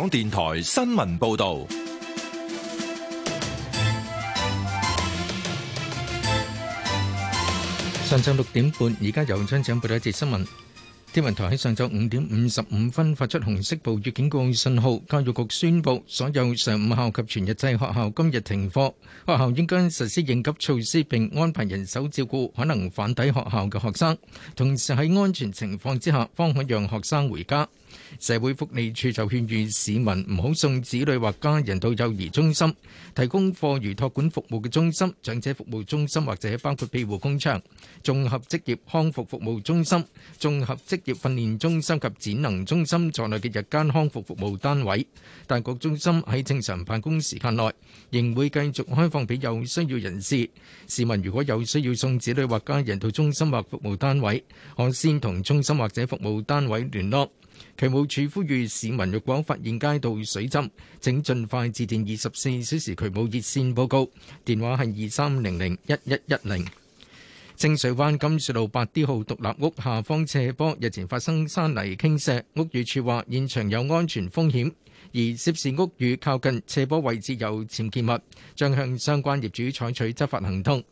港電台新聞報道：上晝六點半，而家由張景報道一節新聞。天文台喺上晝五點五十五分發出紅色暴雨警告信號。教育局宣布，所有上午校及全日制學校今日停課。學校應該實施應急措施，並安排人手照顧可能返抵學校嘅學生。同時喺安全情況之下，方可讓學生回家。社會福利署就勸喻市民唔好送子女或家人到幼兒中心、提供課餘託管服務嘅中心、長者服務中心或者包括庇護工場、綜合職業康復服務中心、綜合職業訓練中心及展能中心在內嘅日間康復服務單位。但各中心喺正常辦公時間內仍會繼續開放俾有需要人士。市民如果有需要送子女或家人到中心或服務單位，可先同中心或者服務單位聯絡。渠務處呼籲市民，若果發現街道水浸，請盡快致電二十四小時渠務熱線報告，電話係二三零零一一一零。清水灣金樹路八 D 號獨立屋下方斜坡日前發生山泥傾瀉，屋宇處話現場有安全風險，而涉事屋宇靠近斜坡位置有僭建物，將向相關業主採取執法行動。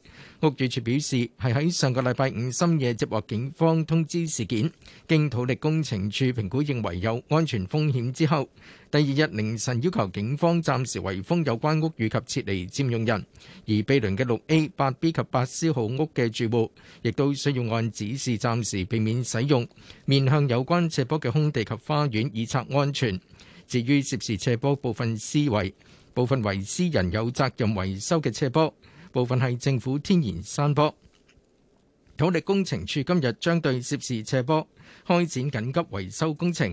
屋宇署表示，係喺上個禮拜五深夜接獲警方通知事件，經土力工程處評估認為有安全風險之後，第二日凌晨要求警方暫時圍封有關屋宇及撤離佔用人。而毗鄰嘅六 A、八 B 及八 C 號屋嘅住戶，亦都需要按指示暫時避免使用，面向有關斜坡嘅空地及花園以策安全。至於涉事斜坡部分私圍，部分為私人有責任維修嘅斜坡。部分係政府天然山坡，土力工程處今日將對涉事斜坡開展緊急維修工程，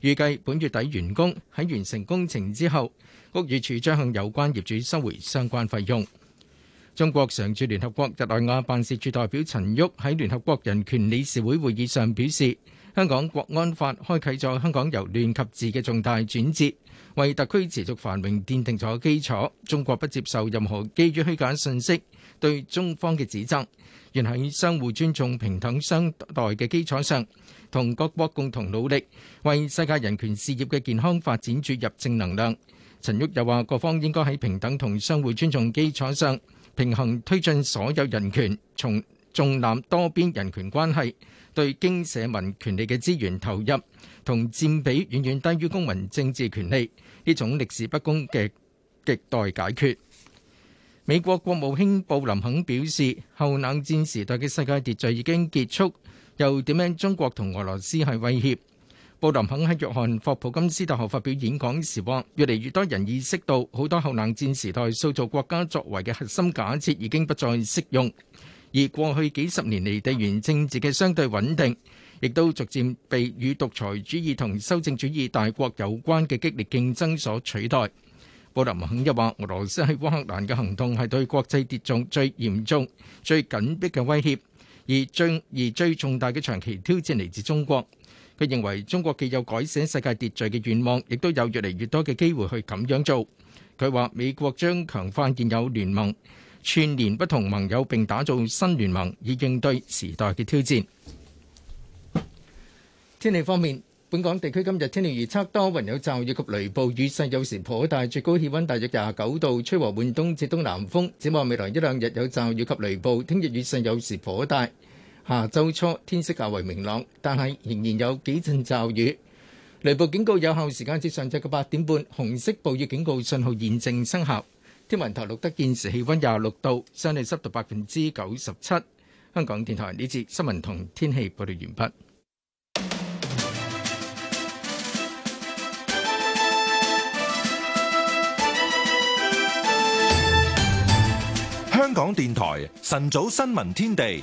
預計本月底完工。喺完成工程之後，屋宇署將向有關業主收回相關費用。中國常駐聯合國日內瓦辦事處代表陳旭喺聯合國人權理事會會議上表示，香港國安法開啟咗香港由亂及治嘅重大轉折。為特區持續繁榮奠定咗基礎。中國不接受任何基於虛假信息對中方嘅指責，願喺相互尊重、平等相待嘅基礎上，同各國共同努力，為世界人權事業嘅健康發展注入正能量。陳旭又話：各方應該喺平等同相互尊重基礎上，平衡推進所有人權。重攬多邊人權關係，對經社民權利嘅資源投入同佔比遠遠低於公民政治權利，呢種歷史不公嘅亟待解決。美國國務卿布林肯表示，後冷戰時代嘅世界秩序已經結束，又點樣中國同俄羅斯係威脅？布林肯喺約翰霍普金斯大學發表演講時話，越嚟越多人意識到，好多後冷戰時代塑造國家作為嘅核心假設已經不再適用。而過去幾十年嚟地緣政治嘅相對穩定，亦都逐漸被與獨裁主義同修正主義大國有關嘅激烈競爭所取代。布林肯又話：俄羅斯喺烏克蘭嘅行動係對國際秩序最嚴重、最緊迫嘅威脅，而最而最重大嘅長期挑戰嚟自中國。佢認為中國既有改寫世界秩序嘅願望，亦都有越嚟越多嘅機會去咁樣做。佢話美國將強化現有聯盟。串連不同盟友，並打造新聯盟，以應對時代嘅挑戰。天氣方面，本港地區今日天氣預測多雲有驟雨及雷暴，雨勢有時頗大，最高氣溫大約廿九度，吹和緩東至東南風。展望未來一兩日有驟雨及雷暴，聽日雨勢有時頗大。下週初天色較為明朗，但係仍然有幾陣驟雨。雷暴警告有效時間至上晝嘅八點半，紅色暴雨警告信號現正生效。天文台錄得現時氣溫廿六度，相對濕度百分之九十七。香港電台呢節新聞同天氣報道完畢。香港電台晨早新聞天地。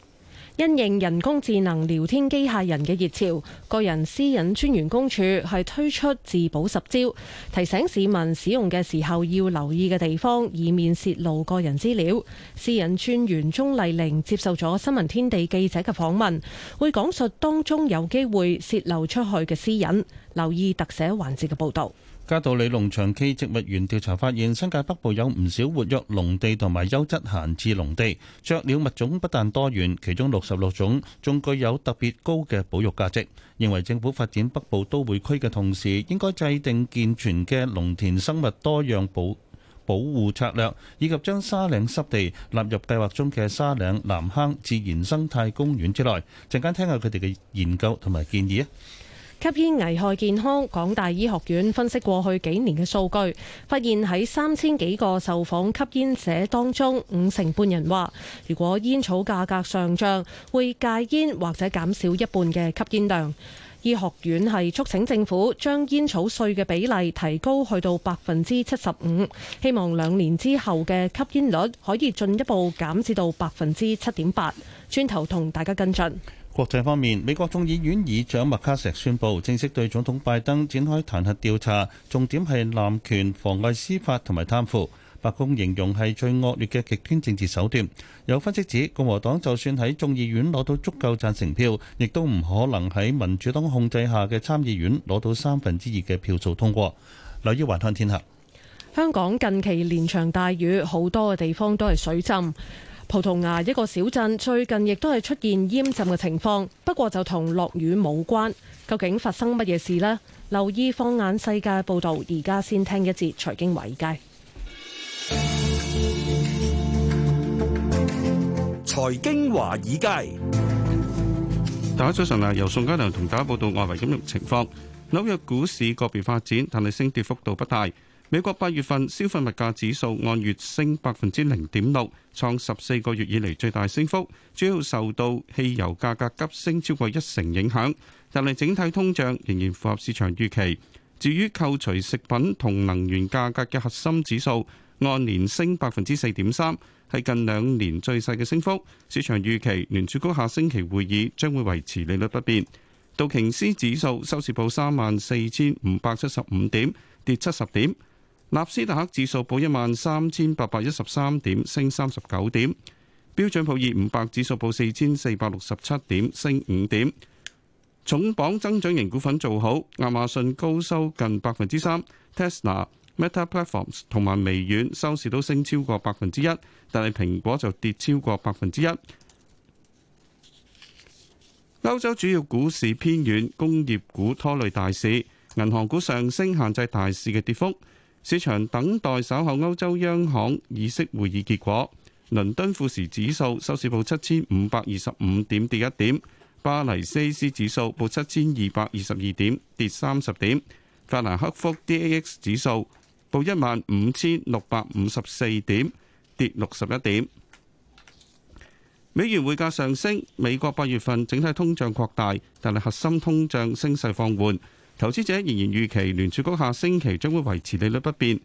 因應人工智能聊天機械人嘅熱潮，個人私隱專員公署係推出自保十招，提醒市民使用嘅時候要留意嘅地方，以免泄露個人資料。私隱專員鍾麗玲接受咗新聞天地記者嘅訪問，會講述當中有機會泄漏出去嘅私隱，留意特寫環節嘅報道。加道里農場暨植物園調查發現，新界北部有唔少活躍農地同埋優質閒置農地，雀鳥物種不但多元，其中六十六種仲具有特別高嘅保育價值。認為政府發展北部都會區嘅同時，應該制定健全嘅農田生物多樣保保護策略，以及將沙嶺濕地納入計劃中嘅沙嶺南坑自然生態公園之內。陣間聽下佢哋嘅研究同埋建議啊！吸煙危害健康。港大醫學院分析過去幾年嘅數據，發現喺三千幾個受訪吸煙者當中，五成半人話，如果煙草價格上漲，會戒煙或者減少一半嘅吸煙量。醫學院係促請政府將煙草稅嘅比例提高去到百分之七十五，希望兩年之後嘅吸煙率可以進一步減至到百分之七點八。轉頭同大家跟進。國際方面，美國眾議院議長麥卡錫宣布正式對總統拜登展開彈劾調查，重點係濫權、妨礙司法同埋貪腐。白宮形容係最惡劣嘅極端政治手段。有分析指，共和黨就算喺眾議院攞到足夠贊成票，亦都唔可能喺民主黨控制下嘅參議院攞到三分之二嘅票數通過。留意環看天下。香港近期連場大雨，好多嘅地方都係水浸。葡萄牙一個小鎮最近亦都係出現淹浸嘅情況，不過就同落雨冇關。究竟發生乜嘢事呢？留意放眼世界報道，而家先聽一節財經華爾街。財經華爾街，大家早晨啊！由宋家良同大家報道外圍金融情況。紐約股市個別發展，但係升跌幅度不大。美國八月份消費物價指數按月升百分之零點六，創十四個月以嚟最大升幅，主要受到汽油價格急升超過一成影響。但係整體通脹仍然符合市場預期。至於扣除食品同能源價格嘅核心指數，按年升百分之四點三，係近兩年最細嘅升幅。市場預期聯儲局下星期會議將會維持利率不變。道瓊斯指數收市報三萬四千五百七十五點，跌七十點。納斯達克指數報一萬三千八百一十三點，升三十九點。標準普爾五百指數報四千四百六十七點，升五點。重磅增長型股份做好，亞馬遜高收近百分之三，Tesla、Meta Platforms 同埋微軟收市都升超過百分之一，但係蘋果就跌超過百分之一。歐洲主要股市偏軟，工業股拖累大市，銀行股上升限制大市嘅跌幅。市場等待稍後歐洲央行議息會議結果。倫敦富時指數收市報七千五百二十五點，跌一點。巴黎 CAC 指數報七千二百二十二點，跌三十點。法蘭克福 DAX 指數報一萬五千六百五十四點，跌六十一點。美元匯價上升。美國八月份整體通脹擴大，但係核心通脹升勢放緩。投資者仍然預期聯儲局下星期將會維持利率不變。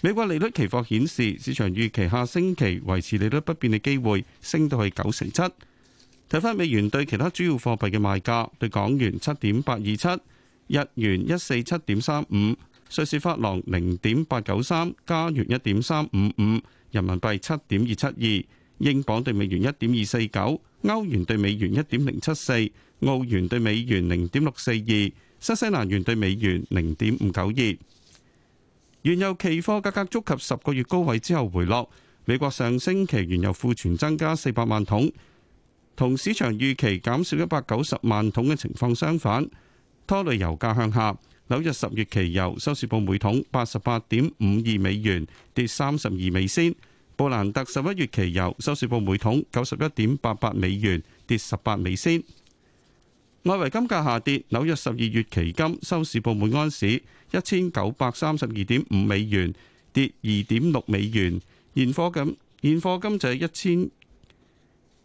美國利率期貨顯示，市場預期下星期維持利率不變嘅機會升到去九成七。睇返美元對其他主要貨幣嘅賣價：對港元七點八二七，日元一四七點三五，瑞士法郎零點八九三，加元一點三五五，人民幣七點二七二，英鎊對美元一點二四九，歐元對美元一點零七四，澳元對美元零點六四二。新西蘭元對美元零點五九二，原油期貨價格觸及十個月高位之後回落。美國上星期原油庫存增加四百萬桶，同市場預期減少一百九十萬桶嘅情況相反，拖累油價向下。紐約十月期油收市報每桶八十八點五二美元，跌三十二美仙。布蘭特十一月期油收市報每桶九十一點八八美元，跌十八美仙。外圍金價下跌，紐約十二月期金收市報每安市一千九百三十二點五美元，跌二點六美元。現貨金現貨金就係一千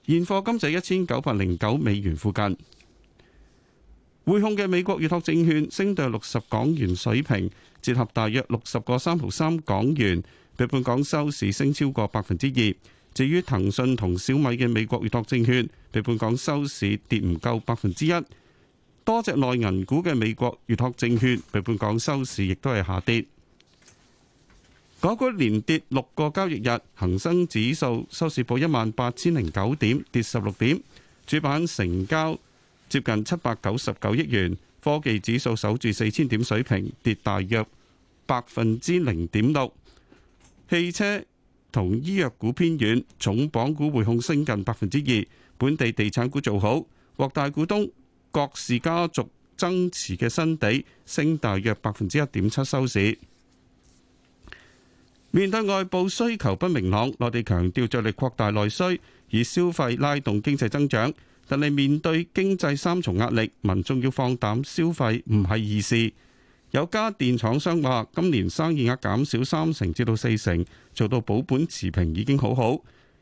現貨金就係一千九百零九美元附近。匯控嘅美國預託證券升到六十港元水平，折合大約六十個三毫三港元，兌半港收市升超過百分之二。至於騰訊同小米嘅美國預託證券，比判港收市跌唔夠百分之一。多隻內銀股嘅美國預託證券，比判港收市亦都係下跌。港股連跌六個交易日，恒生指數收市報一萬八千零九點，跌十六點。主板成交接近七百九十九億元。科技指數守住四千點水平，跌大約百分之零點六。汽車同醫藥股偏軟，重磅股匯控升近百分之二，本地地產股做好，獲大股東郭氏家族增持嘅新地升大約百分之一點七收市。面對外部需求不明朗，內地強調着力擴大內需，以消費拉動經濟增長。但係面對經濟三重壓力，民眾要放膽消費唔係易事。有家電廠商話今年生意額減少三成至到四成，做到保本持平已經好好。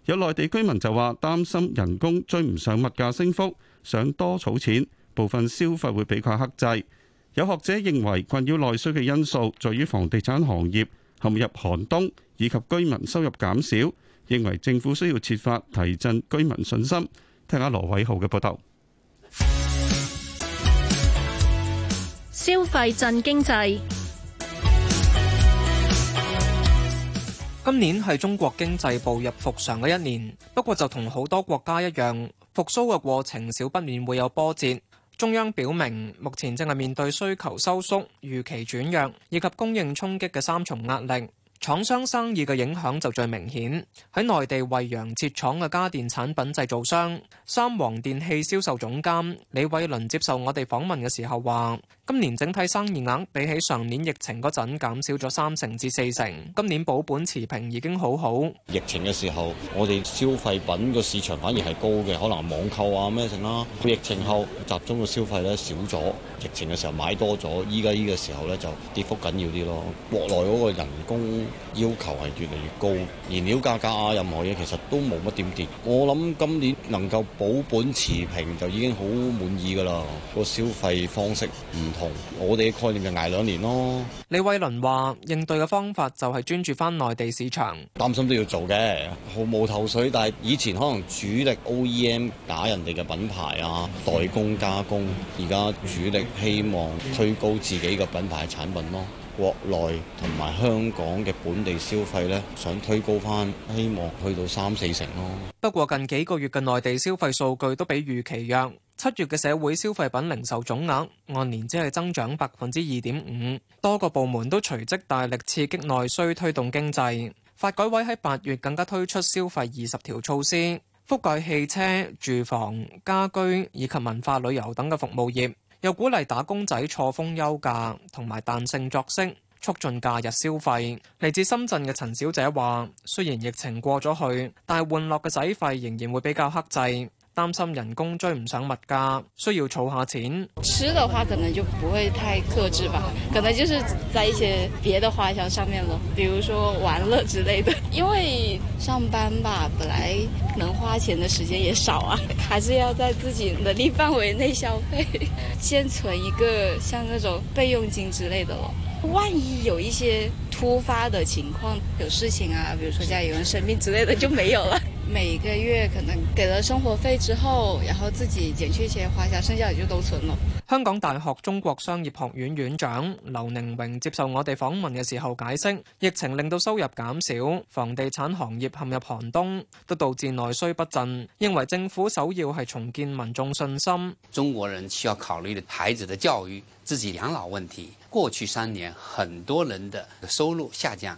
有內地居民就話擔心人工追唔上物價升幅，想多儲錢，部分消費會比較克制。有學者認為困擾內需嘅因素在於房地產行業陷入寒冬，以及居民收入減少。認為政府需要設法提振居民信心。聽下羅偉浩嘅報道。消費振經濟，今年係中國經濟步入復常嘅一年。不過就同好多國家一樣，復蘇嘅過程少不免會有波折。中央表明，目前正係面對需求收縮、預期轉弱以及供應衝擊嘅三重壓力。廠商生意嘅影響就最明顯喺內地惠陽設廠嘅家電產品製造商三皇電器銷售總監李偉倫接受我哋訪問嘅時候話。今年整體生意額比起上年疫情嗰陣減少咗三成至四成。今年保本持平已經好好。疫情嘅時候，我哋消費品個市場反而係高嘅，可能網購啊咩成啦。疫情後集中嘅消費咧少咗，疫情嘅時候買多咗，依家呢個時候咧就跌幅緊要啲咯。國內嗰個人工要求係越嚟越高，燃料價格啊任何嘢其實都冇乜點跌。我諗今年能夠保本持平就已經好滿意㗎啦。個消費方式唔。我哋嘅概念就挨兩年咯。李慧倫話：應對嘅方法就係專注翻內地市場，擔心都要做嘅，毫無頭緒。但係以前可能主力 OEM 打人哋嘅品牌啊，代工加工，而家主力希望推高自己嘅品牌的產品咯。國內同埋香港嘅本地消費咧，想推高翻，希望去到三四成咯。不過近幾個月嘅內地消費數據都比預期弱。七月嘅社會消費品零售總額按年只係增長百分之二點五，多個部門都隨即大力刺激內需，推動經濟。發改委喺八月更加推出消費二十條措施，覆蓋汽車、住房、家居以及文化旅遊等嘅服務業，又鼓勵打工仔錯峰休假同埋彈性作息，促進假日消費。嚟自深圳嘅陳小姐話：雖然疫情過咗去，但係玩樂嘅仔費仍然會比較克制。擔心人工追唔上物價，需要儲下錢。吃的話可能就不會太克制吧，可能就是在一些別的花銷上面咯，比如說玩樂之類的。因為上班吧，本來能花錢的時間也少啊，還是要在自己能力範圍內消費，先存一個像那種備用金之類的咯，萬一有一些突發的情況，有事情啊，比如說家裡有人生病之類的，就沒有了。每個月可能給了生活費之後，然後自己減去一些花銷，剩下就都存了。香港大學中國商業學院院長劉寧榮接受我哋訪問嘅時候解釋，疫情令到收入減少，房地產行業陷入寒冬，都導致內需不振。認為政府首要係重建民眾信心。中國人需要考慮的孩子的教育、自己養老問題。過去三年，很多人的收入下降。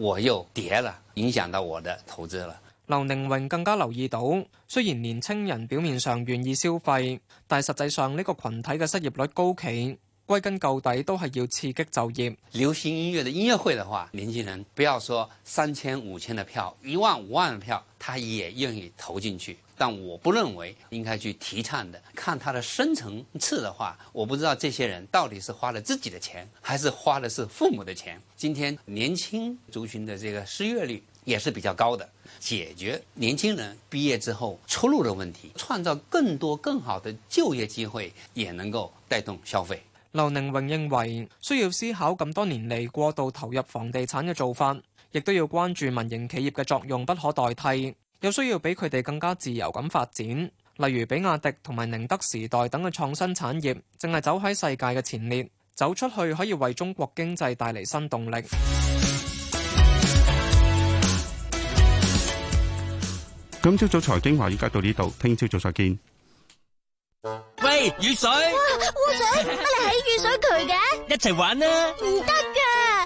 我又跌了，影響到我的投資了。劉寧榮更加留意到，雖然年輕人表面上願意消費，但實際上呢個群體嘅失業率高企，歸根究底都係要刺激就業。流行音樂的音樂會的話，年輕人不要說三千五千的票，一萬五萬的票，他也願意投進去。但我不認為應該去提倡的。看他的深層次的話，我不知道這些人到底是花了自己的錢，還是花的是父母的錢。今天年輕族群的這個失業率也是比較高的，解決年輕人畢業之後出路的問題，創造更多更好的就業機會，也能夠帶動消費。劉寧榮認為，需要思考咁多年嚟過度投入房地產嘅做法，亦都要關注民營企業嘅作用，不可代替。有需要畀佢哋更加自由咁發展，例如比亞迪同埋寧德時代等嘅創新產業，淨係走喺世界嘅前列，走出去可以為中國經濟帶嚟新動力。今朝早財經話，依家到呢度，聽朝早，早再見。喂，雨水，哇污水，乜你喺雨水渠嘅？一齊玩啊，唔得嘅。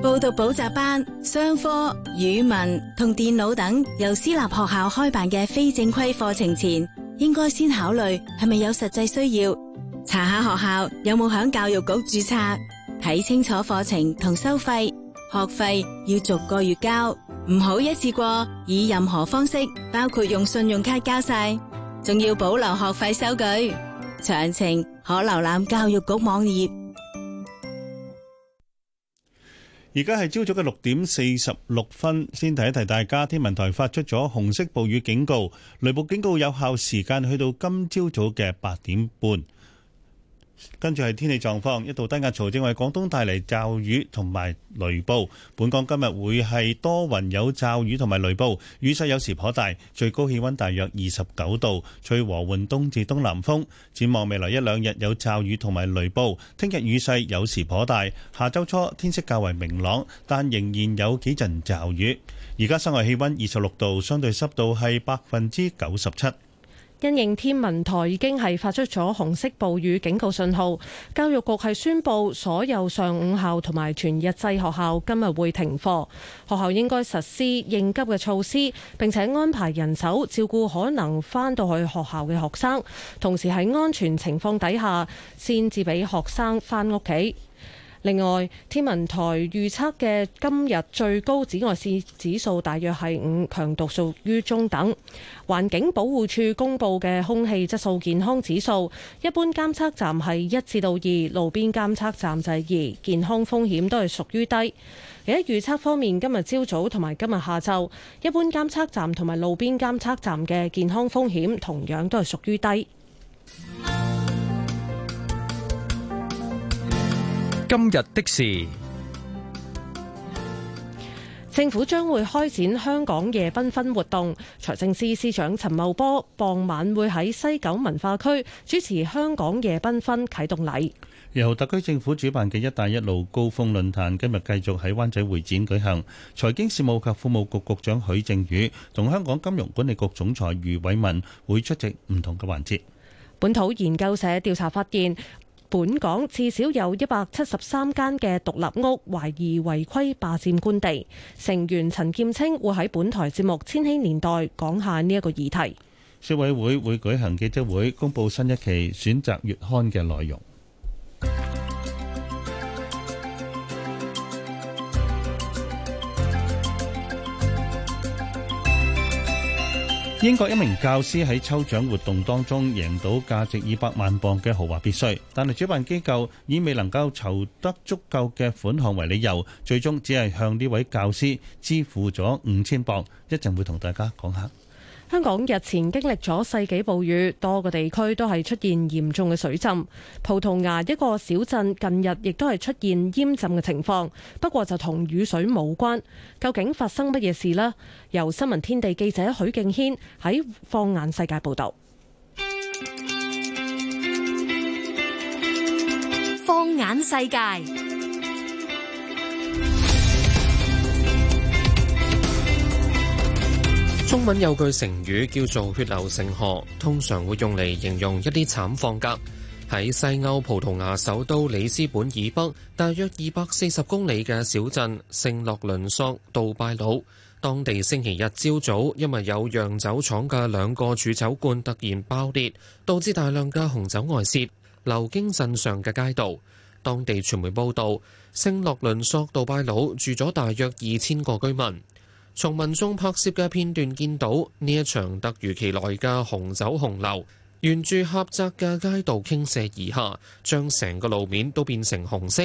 報讀補習班、商科、語文同電腦等由私立學校開辦嘅非正規課程前，應該先考慮係咪有實際需要，查下學校有冇響教育局註冊，睇清楚課程同收費。學費要逐個月交，唔好一次過以任何方式，包括用信用卡交晒，仲要保留學費收據。詳情可瀏覽教育局網頁。而家係朝早嘅六點四十六分，先提一提大家，天文台發出咗紅色暴雨警告，雷暴警告有效時間去到今朝早嘅八點半。跟住係天氣狀況，一道低壓槽正為廣東帶嚟驟雨同埋雷暴。本港今日會係多雲有驟雨同埋雷暴，雨勢有時頗大，最高氣温大約二十九度，吹和緩東至東南風。展望未來一兩日有驟雨同埋雷暴，聽日雨勢有時頗大，下周初天色較為明朗，但仍然有幾陣驟雨。而家室外氣温二十六度，相對濕度係百分之九十七。因應天文台已經係發出咗紅色暴雨警告信號，教育局係宣布所有上午校同埋全日制學校今日會停課，學校應該實施應急嘅措施，並且安排人手照顧可能翻到去學校嘅學生，同時喺安全情況底下先至俾學生翻屋企。另外，天文台預測嘅今日最高紫外線指數大約係五，強度屬於中等。環境保護署公布嘅空氣質素健康指數，一般監測站係一至到二，路邊監測站就係二，健康風險都係屬於低。而喺預測方面，今日朝早同埋今日下晝，一般監測站同埋路邊監測站嘅健康風險同樣都係屬於低。今日的事，政府將會開展香港夜繽紛活動。財政司司長陳茂波傍晚會喺西九文化區主持香港夜繽紛啟動禮。由特區政府主辦嘅“一帶一路”高峰論壇今日繼續喺灣仔會展舉行。財經事務及庫務局局長許正宇同香港金融管理局總裁余偉文會出席唔同嘅環節。本土研究社調查發現。本港至少有一百七十三間嘅獨立屋懷疑違規霸佔官地，成員陳劍清會喺本台節目《千禧年代》講下呢一個議題。消委會會舉行記者會公布新一期選擇月刊嘅內容。英國一名教師喺抽獎活動當中贏到價值二百萬鎊嘅豪華別墅，但係主辦機構以未能夠籌得足夠嘅款項為理由，最終只係向呢位教師支付咗五千鎊。一陣會同大家講下。香港日前經歷咗世紀暴雨，多個地區都係出現嚴重嘅水浸。葡萄牙一個小鎮近日亦都係出現淹浸嘅情況，不過就同雨水冇關。究竟發生乜嘢事呢？由新聞天地記者許敬軒喺放眼世界報導。放眼世界。報中文有句成語叫做血流成河，通常會用嚟形容一啲慘況。甲喺西歐葡萄牙首都里斯本以北大約二百四十公里嘅小鎮聖洛倫索杜拜魯當地星期日朝早，早因為有釀酒廠嘅兩個儲酒罐突然爆裂，導致大量嘅紅酒外泄，流經鎮上嘅街道。當地傳媒報道，聖洛倫索杜拜魯住咗大約二千個居民。從民眾拍攝嘅片段見到，呢一場突如其來嘅紅酒洪流，沿住狹窄嘅街道傾瀉而下，將成個路面都變成紅色。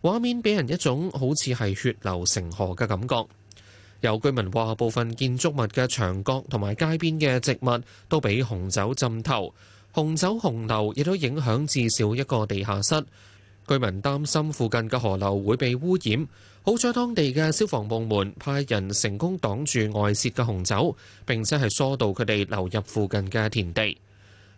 畫面俾人一種好似係血流成河嘅感覺。有居民話，部分建築物嘅牆角同埋街邊嘅植物都俾紅酒浸透。紅酒洪流亦都影響至少一個地下室。居民擔心附近嘅河流會被污染。好彩當地嘅消防部門派人成功擋住外泄嘅紅酒，並且係疏導佢哋流入附近嘅田地。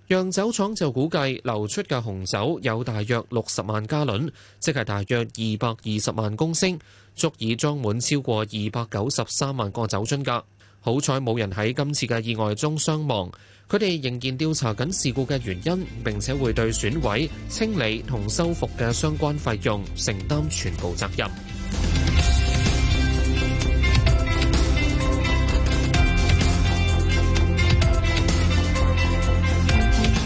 釀酒廠就估計流出嘅紅酒有大約六十萬加侖，即係大約二百二十萬公升，足以裝滿超過二百九十三萬個酒樽。噶好彩冇人喺今次嘅意外中傷亡。佢哋仍然調查緊事故嘅原因，並且會對損毀清理同修復嘅相關費用承擔全部責任。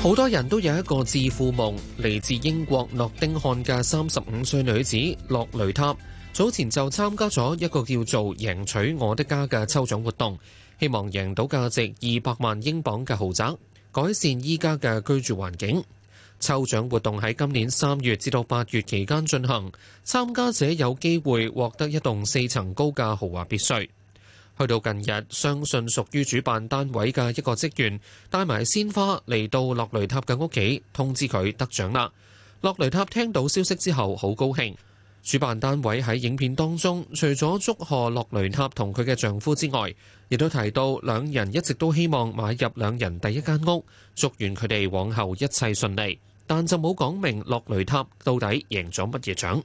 好多人都有一個致富夢。嚟自英國諾丁漢嘅三十五歲女子洛雷塔，早前就參加咗一個叫做《贏取我的家》嘅抽獎活動，希望贏到價值二百萬英鎊嘅豪宅，改善依家嘅居住環境。抽獎活動喺今年三月至到八月期間進行，參加者有機會獲得一棟四層高價豪華別墅。去到近日，相信屬於主辦單位嘅一個職員帶埋鮮花嚟到洛雷塔嘅屋企，通知佢得獎啦。洛雷塔聽到消息之後好高興。主辦單位喺影片當中，除咗祝賀洛雷塔同佢嘅丈夫之外，亦都提到兩人一直都希望買入兩人第一間屋，祝願佢哋往後一切順利。但就冇講明洛雷塔到底贏咗乜嘢獎。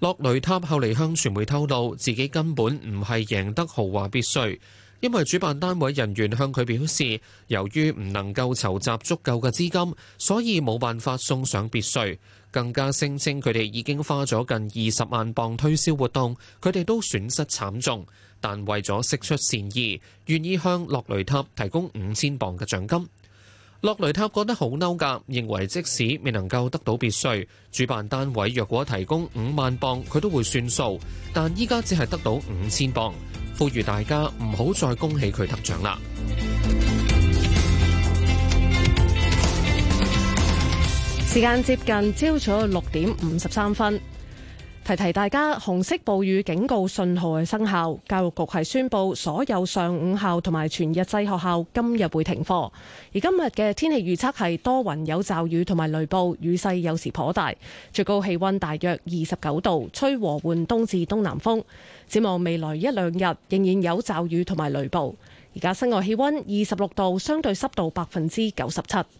洛雷塔後嚟向傳媒透露，自己根本唔係贏得豪華別墅，因為主辦單位人員向佢表示，由於唔能夠籌集足夠嘅資金，所以冇辦法送上別墅。更加聲稱佢哋已經花咗近二十萬鎊推銷活動，佢哋都損失慘重。但為咗釋出善意，願意向洛雷塔提供五千鎊嘅獎金。洛雷塔覺得好嬲噶，認為即使未能夠得到別墅，主辦單位若果提供五萬鎊，佢都會算數。但依家只係得到五千鎊，呼籲大家唔好再恭喜佢得獎啦。時間接近朝早六點五十三分。提提大家，紅色暴雨警告信號嘅生效，教育局係宣布所有上午校同埋全日制學校今日會停課。而今日嘅天氣預測係多雲有驟雨同埋雷暴，雨勢有時頗大，最高氣温大約二十九度，吹和緩東至東南風。展望未來一兩日，仍然有驟雨同埋雷暴。而家室外氣温二十六度，相對濕度百分之九十七。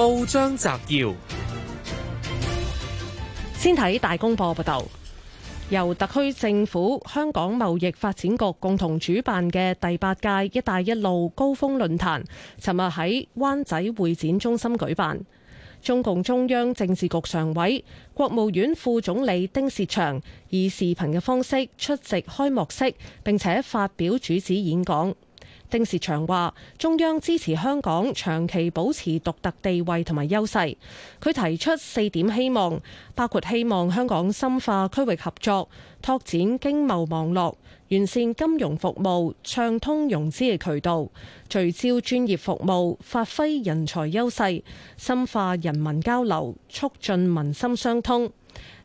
報章摘要：先睇大公報報道。由特區政府、香港貿易發展局共同主辦嘅第八屆“一帶一路”高峰論壇，尋日喺灣仔會展中心舉辦。中共中央政治局常委、國務院副總理丁薛祥以視頻嘅方式出席開幕式，並且發表主旨演講。丁薛祥話：中央支持香港長期保持獨特地位同埋優勢。佢提出四點希望，包括希望香港深化區域合作，拓展經貿網絡，完善金融服務，暢通融資嘅渠道，聚焦專業服務，發揮人才優勢，深化人民交流，促進民心相通。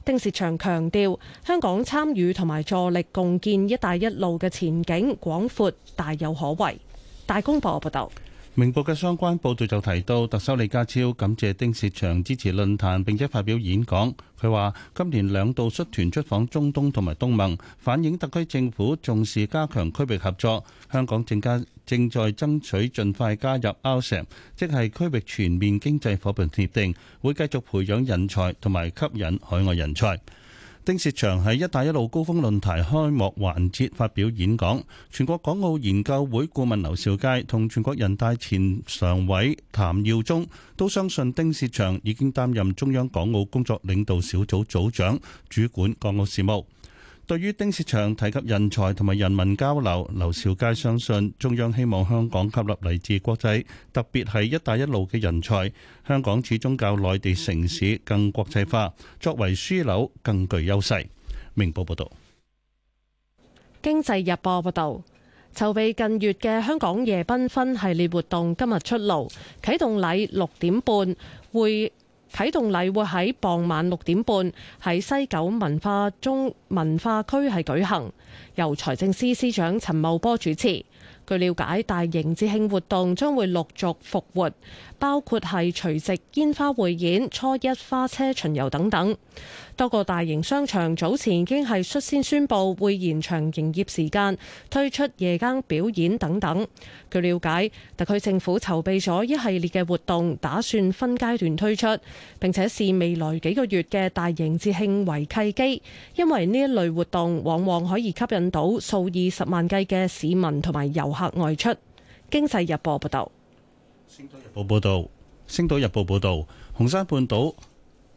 丁仕祥強調，香港參與同埋助力共建“一帶一路”嘅前景廣闊，大有可為。大公報報道。明報嘅相關報導就提到，特首李家超感謝丁薛祥支持論壇，並且發表演講。佢話：今年兩度率團出訪中東同埋東盟，反映特區政府重視加強區域合作。香港正加正在爭取盡快加入 RCEP，即係區域全面經濟伙伴協定，會繼續培養人才同埋吸引海外人才。丁薛祥喺“一帶一路”高峰論壇開幕環節發表演講。全國港澳研究會顧問劉兆佳同全國人大前常委譚耀宗都相信，丁薛祥已經擔任中央港澳工作領導小組組長，主管港澳事務。對於丁薛祥提及人才同埋人民交流，劉兆佳相信中央希望香港吸納嚟自國際，特別係一帶一路嘅人才。香港始終較內地城市更國際化，作為樞紐更具優勢。明報報導，經濟日報報導，籌備近月嘅香港夜繽紛系列活動今日出爐，啟動禮六點半會。啟動禮會喺傍晚六點半喺西九文化中文化區係舉行，由財政司司長陳茂波主持。據了解，大型節慶活動將會陸續復活，包括係除夕煙花匯演、初一花車巡遊等等。多個大型商場早前已經係率先宣布會延長營業時間，推出夜間表演等等。據了解，特區政府籌備咗一系列嘅活動，打算分階段推出，並且視未來幾個月嘅大型節慶為契機，因為呢一類活動往往可以吸引到數以十萬計嘅市民同埋遊客外出。經濟日報報道，星島日報報道，星島日報報道，紅山半島。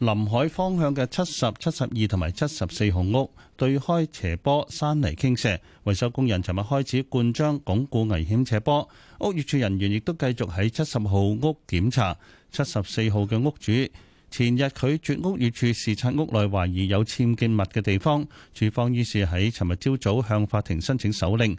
臨海方向嘅七十、七十二同埋七十四號屋，對開斜坡山泥傾瀉，維修工人尋日開始灌漿鞏固危險斜坡。屋宇署人員亦都繼續喺七十號屋檢查。七十四號嘅屋主前日拒絕屋宇署視察屋內，懷疑有僭建物嘅地方，署方於是喺尋日朝早向法庭申請手令。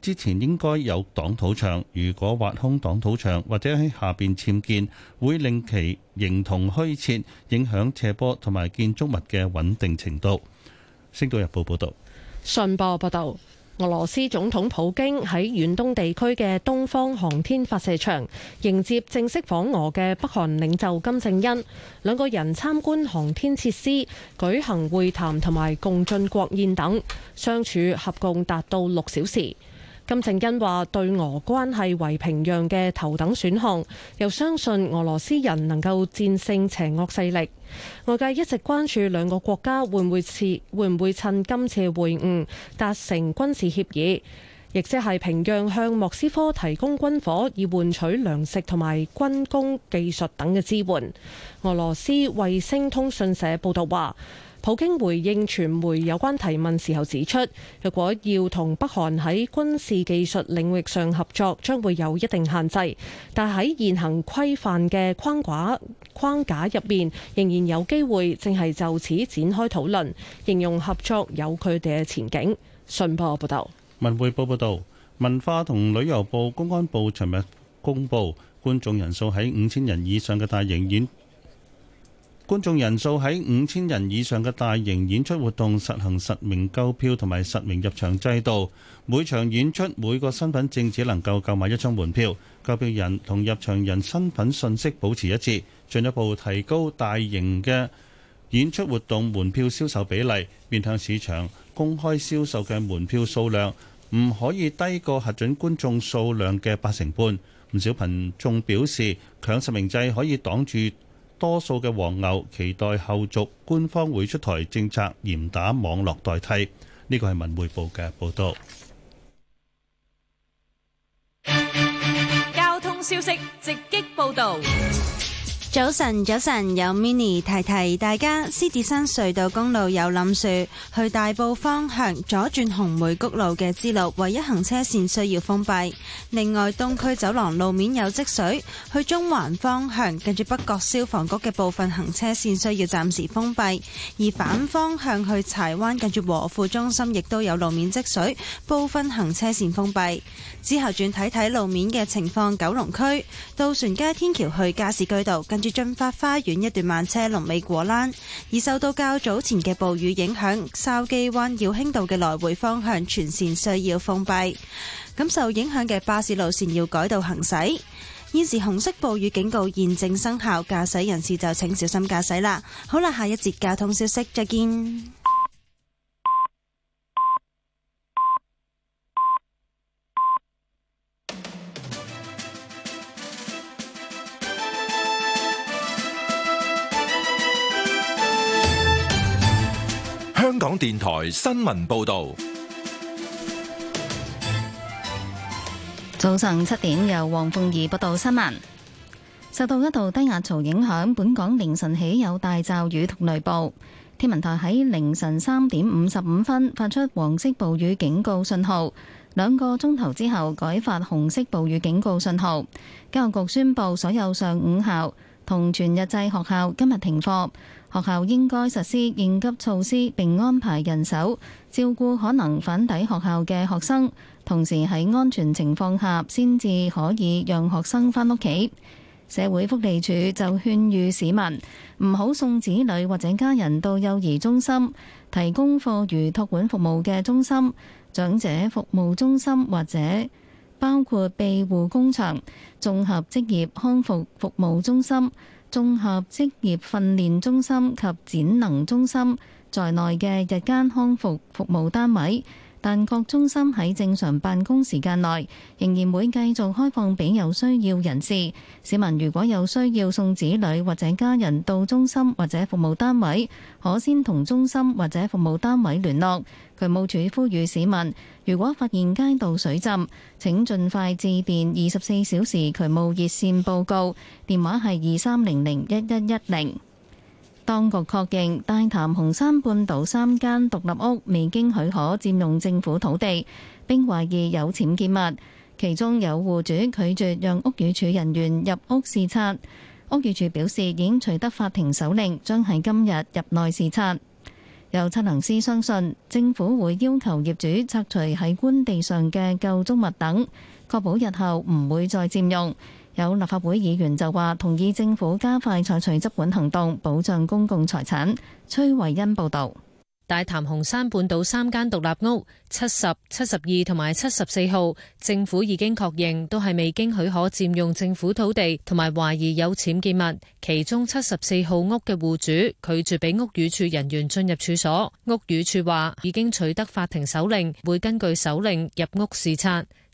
之前應該有擋土牆，如果挖空擋土牆或者喺下邊僭建，會令其形同虛設，影響斜坡同埋建築物嘅穩定程度。星島日報報道。信報報道，俄羅斯總統普京喺遠東地區嘅東方航天發射場迎接正式訪俄嘅北韓領袖金正恩，兩個人參觀航天設施、舉行會談同埋共進國宴等，相處合共達到六小時。金正恩話對俄關係為平壤嘅頭等選項，又相信俄羅斯人能夠戰勝邪惡勢力。外界一直關注兩個國家會唔會，會唔會趁今次會晤達成軍事協議，亦即係平壤向莫斯科提供軍火以換取糧食同埋軍工技術等嘅支援。俄羅斯衛星通訊社報道話。普京回應傳媒有關提問時候指出，若果要同北韓喺軍事技術領域上合作，將會有一定限制。但喺現行規範嘅框架框架入面，仍然有機會，正係就此展開討論，形容合作有佢哋嘅前景。信報報道，文匯報報道，文化同旅遊部、公安部尋日公布，觀眾人數喺五千人以上嘅大型院。觀眾人數喺五千人以上嘅大型演出活動，實行實名購票同埋實名入場制度。每場演出每個身份證只能夠購買一張門票。購票人同入場人身份信息保持一致，進一步提高大型嘅演出活動門票銷售比例，面向市場公開銷售嘅門票數量唔可以低過核准觀眾數量嘅八成半。唔少羣眾表示，強實名制可以擋住。多數嘅黃牛期待，後續官方會出台政策嚴打網絡代替，呢個係文匯報嘅報道。交通消息直擊報道。早晨，早晨，有 Mini 提提大家，獅子山隧道公路有冧樹，去大埔方向左轉紅梅谷路嘅支路唯一行車線需要封閉。另外，東區走廊路面有積水，去中環方向近住北角消防局嘅部分行車線需要暫時封閉。而反方向去柴灣近住和富中心亦都有路面積水，部分行車線封閉。之後轉睇睇路面嘅情況，九龍區渡船街天橋去加士居道跟住，駿發花園一段慢車龍尾果欄，而受到較早前嘅暴雨影響，筲箕灣耀興道嘅來回方向全線需要封閉，咁受影響嘅巴士路線要改道行駛。現時紅色暴雨警告現正生效，駕駛人士就請小心駕駛啦。好啦，下一節交通消息再見。香港電台新聞報道，早上七點由黃鳳儀報道新聞。受到一道低壓槽影響，本港凌晨起有大驟雨同雷暴。天文台喺凌晨三點五十五分發出黃色暴雨警告信號，兩個鐘頭之後改發紅色暴雨警告信號。教育局宣佈所有上午校同全日制學校今日停課。學校應該實施應急措施並安排人手照顧可能返到學校嘅學生，同時喺安全情況下先至可以讓學生返屋企。社會福利署就勸喻市民唔好送子女或者家人到幼兒中心、提供課餘托管服務嘅中心、長者服務中心或者包括庇護工場、綜合職業康復服務中心、綜合職業訓練中心及展能中心在內嘅日間康復服務單位，但各中心喺正常辦公時間內，仍然會繼續開放畀有需要人士。市民如果有需要送子女或者家人到中心或者服務單位，可先同中心或者服務單位聯絡。渠務署呼籲市民，如果發現街道水浸，請盡快致電二十四小時渠務熱線報告，電話係二三零零一一一零。當局確認大潭紅山半島三間獨立屋未經許可佔用政府土地，並懷疑有僭建物，其中有戶主拒絕讓屋宇署人員入屋視察。屋宇署表示，已經取得法庭手令，將喺今日入內視察。有測量師相信政府會要求業主拆除喺官地上嘅舊建築物等，確保日後唔會再佔用。有立法會議員就話同意政府加快採取執管行動，保障公共財產。崔維恩報導。大潭紅山半島三間獨立屋，七十、七十二同埋七十四號，政府已經確認都係未經許可佔用政府土地，同埋懷疑有僭建物。其中七十四號屋嘅戶主拒絕俾屋宇處人員進入處所，屋宇處話已經取得法庭手令，會根據手令入屋視察。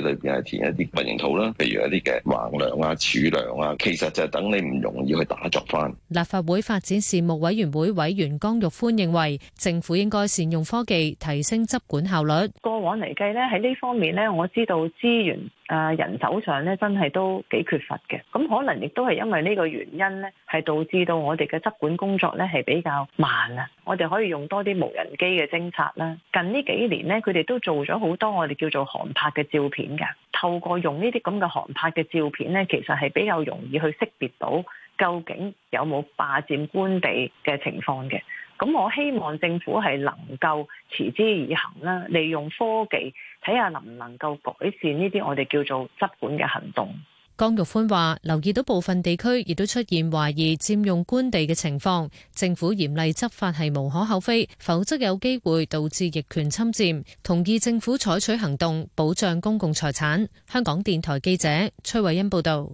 裏邊係填一啲混凝土啦，譬如一啲嘅橫梁啊、柱梁啊，其實就等你唔容易去打鑿翻。立法會發展事務委員會委員江玉歡認為，政府應該善用科技提升執管效率。過往嚟計呢，喺呢方面呢，我知道資源。啊，人手上咧真係都幾缺乏嘅，咁可能亦都係因為呢個原因咧，係導致到我哋嘅執管工作咧係比較慢啦。我哋可以用多啲無人機嘅偵察啦。近呢幾年咧，佢哋都做咗好多我哋叫做航拍嘅照片嘅。透過用呢啲咁嘅航拍嘅照片咧，其實係比較容易去識別到究竟有冇霸佔官地嘅情況嘅。咁我希望政府係能夠持之以恒啦，利用科技睇下能唔能夠改善呢啲我哋叫做執管嘅行動。江玉歡話：留意到部分地區亦都出現懷疑佔用官地嘅情況，政府嚴厲執法係無可厚非，否則有機會導致逆權侵佔。同意政府採取行動保障公共財產，香港電台記者崔慧欣報道。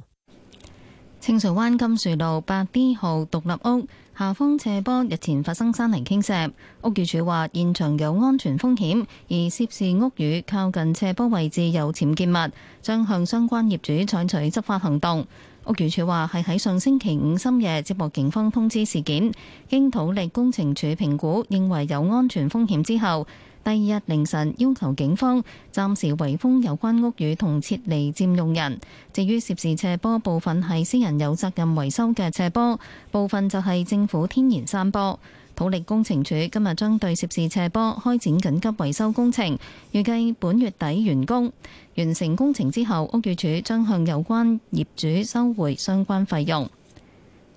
清水灣金樹路 8D 號獨立屋，下方斜坡日前發生山泥傾瀉，屋宇署話現場有安全風險，而涉事屋宇靠近斜坡位置有僭建物，將向相關業主採取執法行動。屋宇署話係喺上星期五深夜接獲警方通知事件，經土力工程處評估認為有安全風險之後，第二日凌晨要求警方暫時圍封有關屋宇同撤離佔用人。至於涉事斜坡，部分係私人有責任維修嘅斜坡，部分就係政府天然山坡。土力工程署今日將對涉事斜坡開展緊急維修工程，預計本月底完工。完成工程之後，屋宇署將向有關業主收回相關費用。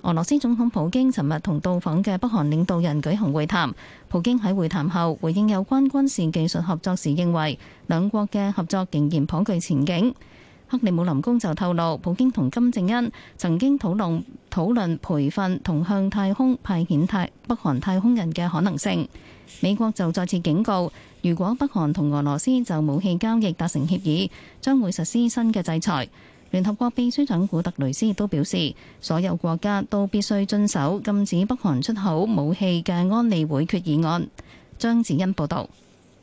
俄羅斯總統普京尋日同到訪嘅北韓領導人舉行會談。普京喺會談後回應有關軍事技術合作時，認為兩國嘅合作仍然頗具前景。克里姆林宮就透露，普京同金正恩曾經討論討論培訓同向太空派遣太北韓太空人嘅可能性。美國就再次警告，如果北韓同俄羅斯就武器交易達成協議，將會實施新嘅制裁。聯合國秘書長古特雷斯亦都表示，所有國家都必須遵守禁止北韓出口武器嘅安理會決議案。張子欣報導。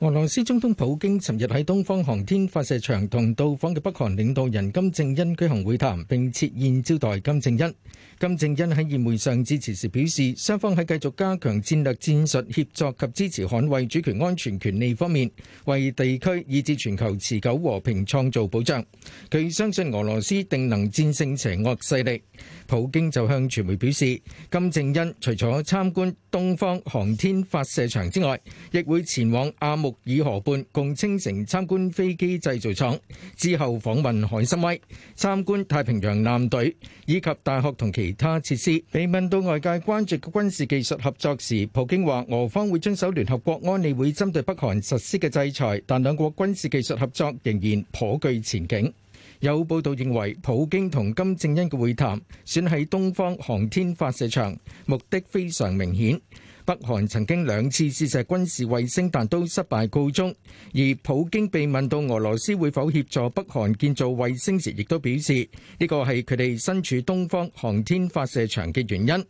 俄羅斯總統普京尋日喺東方航天發射場同到訪嘅北韓領導人金正恩舉行會談，並設宴招待金正恩。金正恩喺宴會上致辭時表示，雙方喺繼續加強戰略戰術協作及支持捍衛主權安全權利方面，為地區以至全球持久和平創造保障。佢相信俄羅斯定能戰勝邪惡勢力。普京就向傳媒表示，金正恩除咗參觀東方航天發射場之外，亦會前往阿穆。以河畔共青城參觀飛機製造廠之後，訪問海參崴，參觀太平洋艦隊以及大學同其他設施。被問到外界關注軍事技術合作時，普京話俄方會遵守聯合國安理會針對北韓實施嘅制裁，但兩國軍事技術合作仍然頗具前景。有報道認為普京同金正恩嘅會談選喺東方航天發射場目的非常明顯。北韓曾經兩次試射軍事衛星，但都失敗告終。而普京被問到俄羅斯會否協助北韓建造衛星時，亦都表示呢個係佢哋身處東方航天發射場嘅原因。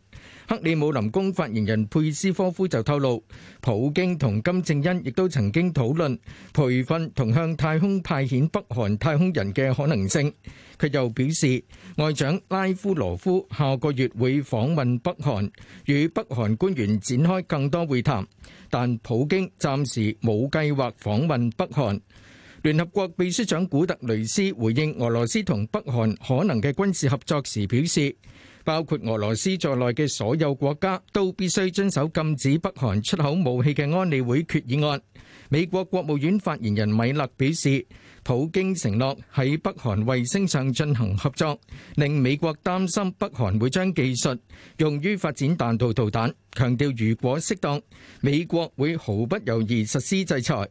克里姆林宮發言人佩斯科夫就透露，普京同金正恩亦都曾經討論培訓同向太空派遣北韓太空人嘅可能性。佢又表示，外長拉夫羅夫下個月會訪問北韓，與北韓官員展開更多會談。但普京暫時冇計劃訪問北韓。聯合國秘書長古特雷斯回應俄羅斯同北韓可能嘅軍事合作時表示，包括俄羅斯在內嘅所有國家都必須遵守禁止北韓出口武器嘅安理會決議案。美國國務院發言人米勒表示。普京承諾喺北韓衛星上進行合作，令美國擔心北韓會將技術用於發展彈道導彈。強調如果適當，美國會毫不猶豫實施制裁。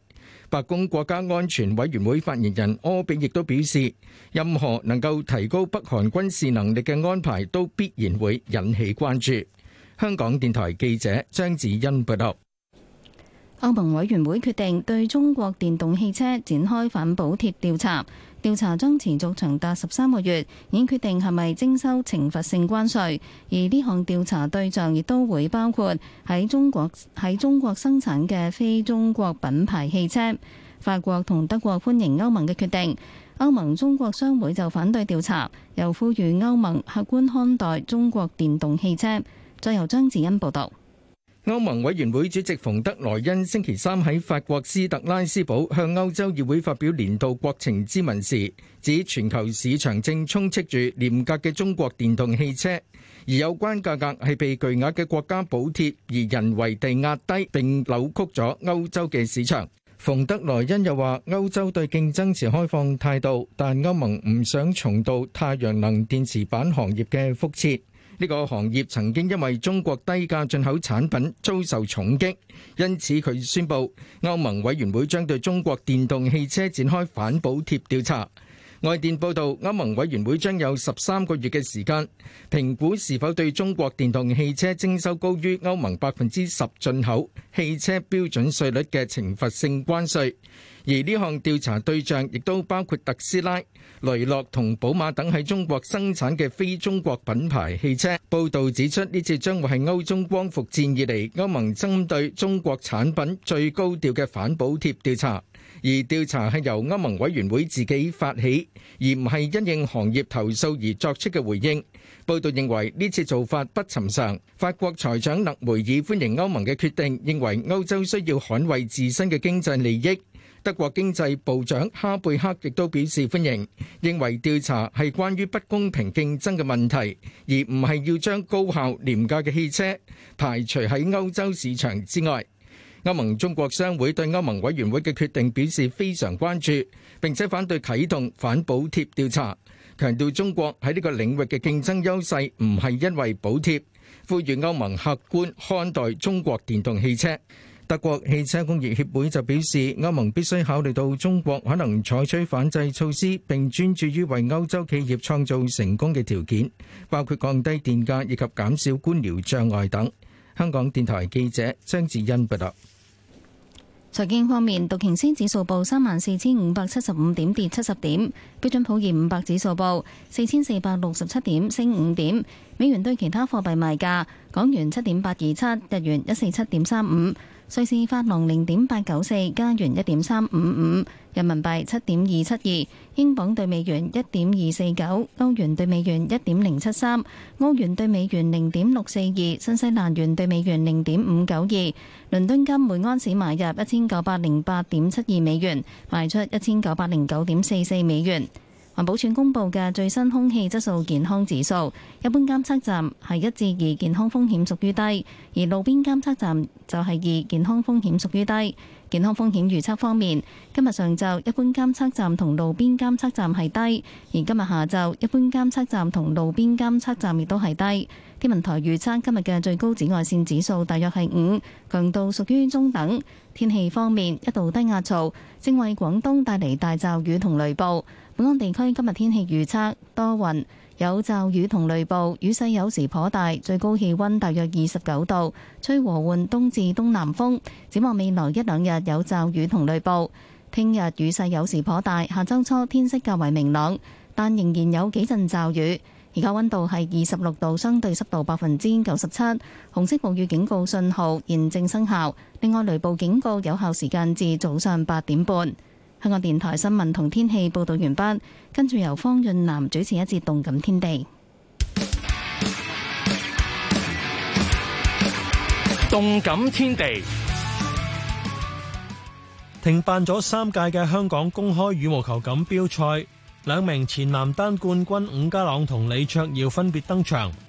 白宮國家安全委員會發言人柯比亦都表示，任何能夠提高北韓軍事能力嘅安排都必然會引起關注。香港電台記者張子欣報道。歐盟委員會決定對中國電動汽車展開反補貼調查，調查將持續長達十三個月，已經決定係咪徵收懲罰性關稅。而呢項調查對象亦都會包括喺中國喺中國生產嘅非中國品牌汽車，法國同德國歡迎歐盟嘅決定，歐盟中國商會就反對調查，又呼籲歐盟客觀看待中國電動汽車，再由張智恩報道。歐盟委員會主席馮德萊恩星期三喺法國斯特拉斯堡向歐洲議會發表年度國情咨文時，指全球市場正充斥住廉價嘅中國電動汽車，而有關價格係被巨額嘅國家補貼而人為地壓低，並扭曲咗歐洲嘅市場。馮德萊恩又話，歐洲對競爭持開放態度，但歐盟唔想重蹈太陽能電池板行業嘅覆轍。呢個行業曾經因為中國低價進口產品遭受重擊，因此佢宣布歐盟委員會將對中國電動汽車展開反補貼調查。外電報道，歐盟委員會將有十三個月嘅時間評估是否對中國電動汽車徵收高於歐盟百分之十進口汽車標準稅率嘅懲罰性關稅。而呢項調查對象亦都包括特斯拉、雷諾同寶馬等喺中國生產嘅非中國品牌汽車。報導指出，呢次將會係歐中光伏戰以來歐盟針對中國產品最高調嘅反補貼調查。而調查係由歐盟委員會自己發起，而唔係因應行業投訴而作出嘅回應。報導認為呢次做法不尋常。法國財長勒梅爾歡迎歐盟嘅決定，認為歐洲需要捍衞自身嘅經濟利益。德國經濟部長哈貝克亦都表示歡迎，認為調查係關於不公平競爭嘅問題，而唔係要將高效廉價嘅汽車排除喺歐洲市場之外。歐盟中國商會對歐盟委員會嘅決定表示非常關注，並且反對啟動反補貼調查，強調中國喺呢個領域嘅競爭優勢唔係因為補貼，呼籲歐盟客觀看待中國電動汽車。德國汽車工業協會就表示，歐盟必須考慮到中國可能採取反制措施，並專注於為歐洲企業創造成功嘅條件，包括降低電價以及減少官僚障礙等。香港電台記者張智恩報道。財經方面，道瓊斯指數報三萬四千五百七十五點，跌七十點；標準普爾五百指數報四千四百六十七點，升五點。美元對其他貨幣賣價：港元七點八二七，日元一四七點三五。瑞士法郎零點八九四，加元一點三五五，人民幣七點二七二，英鎊對美元一點二四九，歐元對美元一點零七三，歐元對美元零點六四二，新西蘭元對美元零點五九二，倫敦金每盎司買入一千九百零八點七二美元，賣出一千九百零九點四四美元。環保署公布嘅最新空氣質素健康指數，一般監測站係一至二，健康風險屬於低；而路邊監測站就係二，健康風險屬於低。健康風險預測方面，今日上晝一般監測站同路邊監測站係低，而今日下晝一般監測站同路邊監測站亦都係低。天文台預測今日嘅最高紫外線指數大約係五，強度屬於中等。天氣方面，一道低壓槽正為廣東帶嚟大驟雨同雷暴。本港地區今日天氣預測，多雲，有驟雨同雷暴，雨勢有時頗大，最高氣溫大約二十九度，吹和緩東至東南風。展望未來一兩日有驟雨同雷暴，聽日雨勢有時頗大，下周初天色較為明朗，但仍然有幾陣驟雨。而家温度係二十六度，相對濕度百分之九十七，紅色暴雨警告信號現正生效，另外雷暴警告有效時間至早上八點半。香港電台新聞同天氣報道完畢，跟住由方潤南主持一節《動感天地》。《動感天地》，停辦咗三屆嘅香港公開羽毛球錦標賽，兩名前男單冠軍伍家朗同李卓耀分別登場。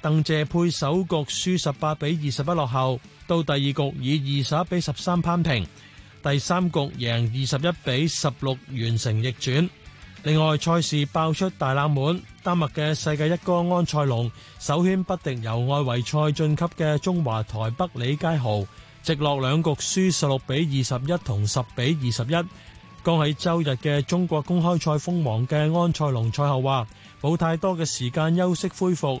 鄧謝佩首局輸十八比二十一落後，到第二局以二十一比十三扳平，第三局贏二十一比十六完成逆轉。另外賽事爆出大冷門，丹麥嘅世界一哥安賽龍首圈不敵由外圍賽晉級嘅中華台北李佳豪，直落兩局輸十六比二十一同十比二十一。剛喺周日嘅中國公開賽封王嘅安賽龍賽後話，冇太多嘅時間休息恢復。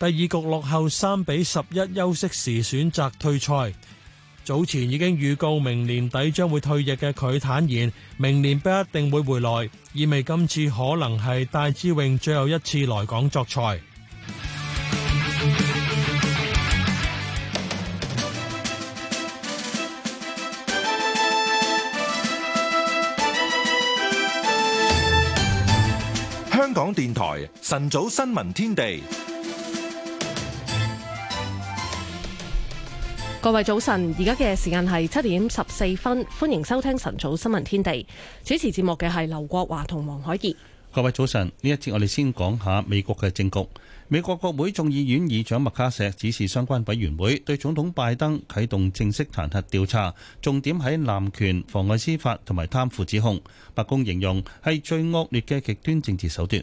第二局落後三比十一，休息時選擇退賽。早前已經預告明年底將會退役嘅佢坦言，明年不一定會回來，意味今次可能係戴資穎最後一次來港作賽。香港電台晨早新聞天地。各位早晨，而家嘅時間係七點十四分，歡迎收聽晨早新聞天地。主持節目嘅係劉國華同黃海怡。各位早晨，呢一節我哋先講下美國嘅政局。美國國會眾議院議長麥卡錫指示相關委員會對總統拜登啟動正式彈劾調查，重點喺濫權、妨礙司法同埋貪腐指控。白宮形容係最惡劣嘅極端政治手段。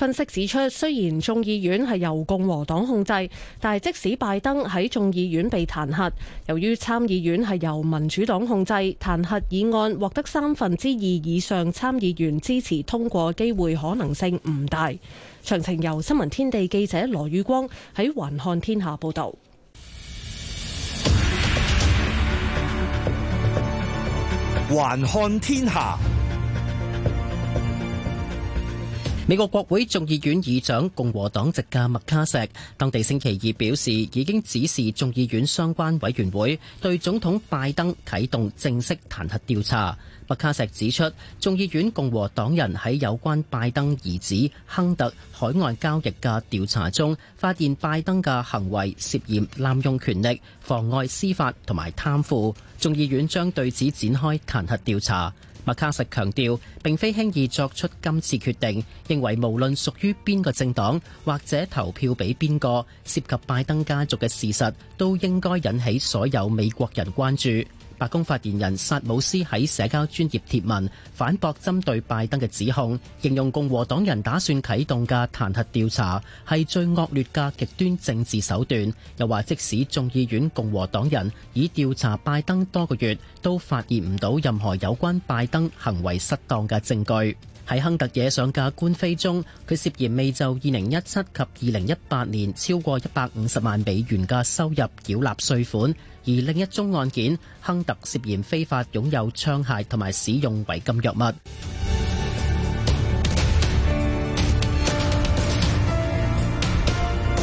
分析指出，雖然眾議院係由共和黨控制，但係即使拜登喺眾議院被彈劾，由於參議院係由民主黨控制，彈劾議案獲得三分之二以上參議員支持通過機會可能性唔大。詳情由新聞天地記者羅宇光喺《環看天下》報道，《環看天下》。美國國會眾議院議長共和黨籍嘅麥卡錫，當地星期二表示，已經指示眾議院相關委員會對總統拜登啟動正式彈劾調查。麥卡錫指出，眾議院共和黨人喺有關拜登兒子亨特海外交易嘅調查中，發現拜登嘅行為涉嫌濫用權力、妨礙司法同埋貪腐。眾議院將對此展開彈劾調查。麥卡錫強調，並非輕易作出今次決定，認為無論屬於邊個政黨或者投票俾邊個，涉及拜登家族嘅事實，都應該引起所有美國人關注。白宮發言人薩姆斯喺社交專業貼文反駁針對拜登嘅指控，形容共和黨人打算啟動嘅彈劾調查係最惡劣嘅極端政治手段，又話即使眾議院共和黨人已調查拜登多個月，都發現唔到任何有關拜登行為失當嘅證據。喺亨特惹上嘅官非中，佢涉嫌未就二零一七及二零一八年超過一百五十萬美元嘅收入繳納稅款；而另一宗案件，亨特涉嫌非法擁有槍械同埋使用違禁藥物。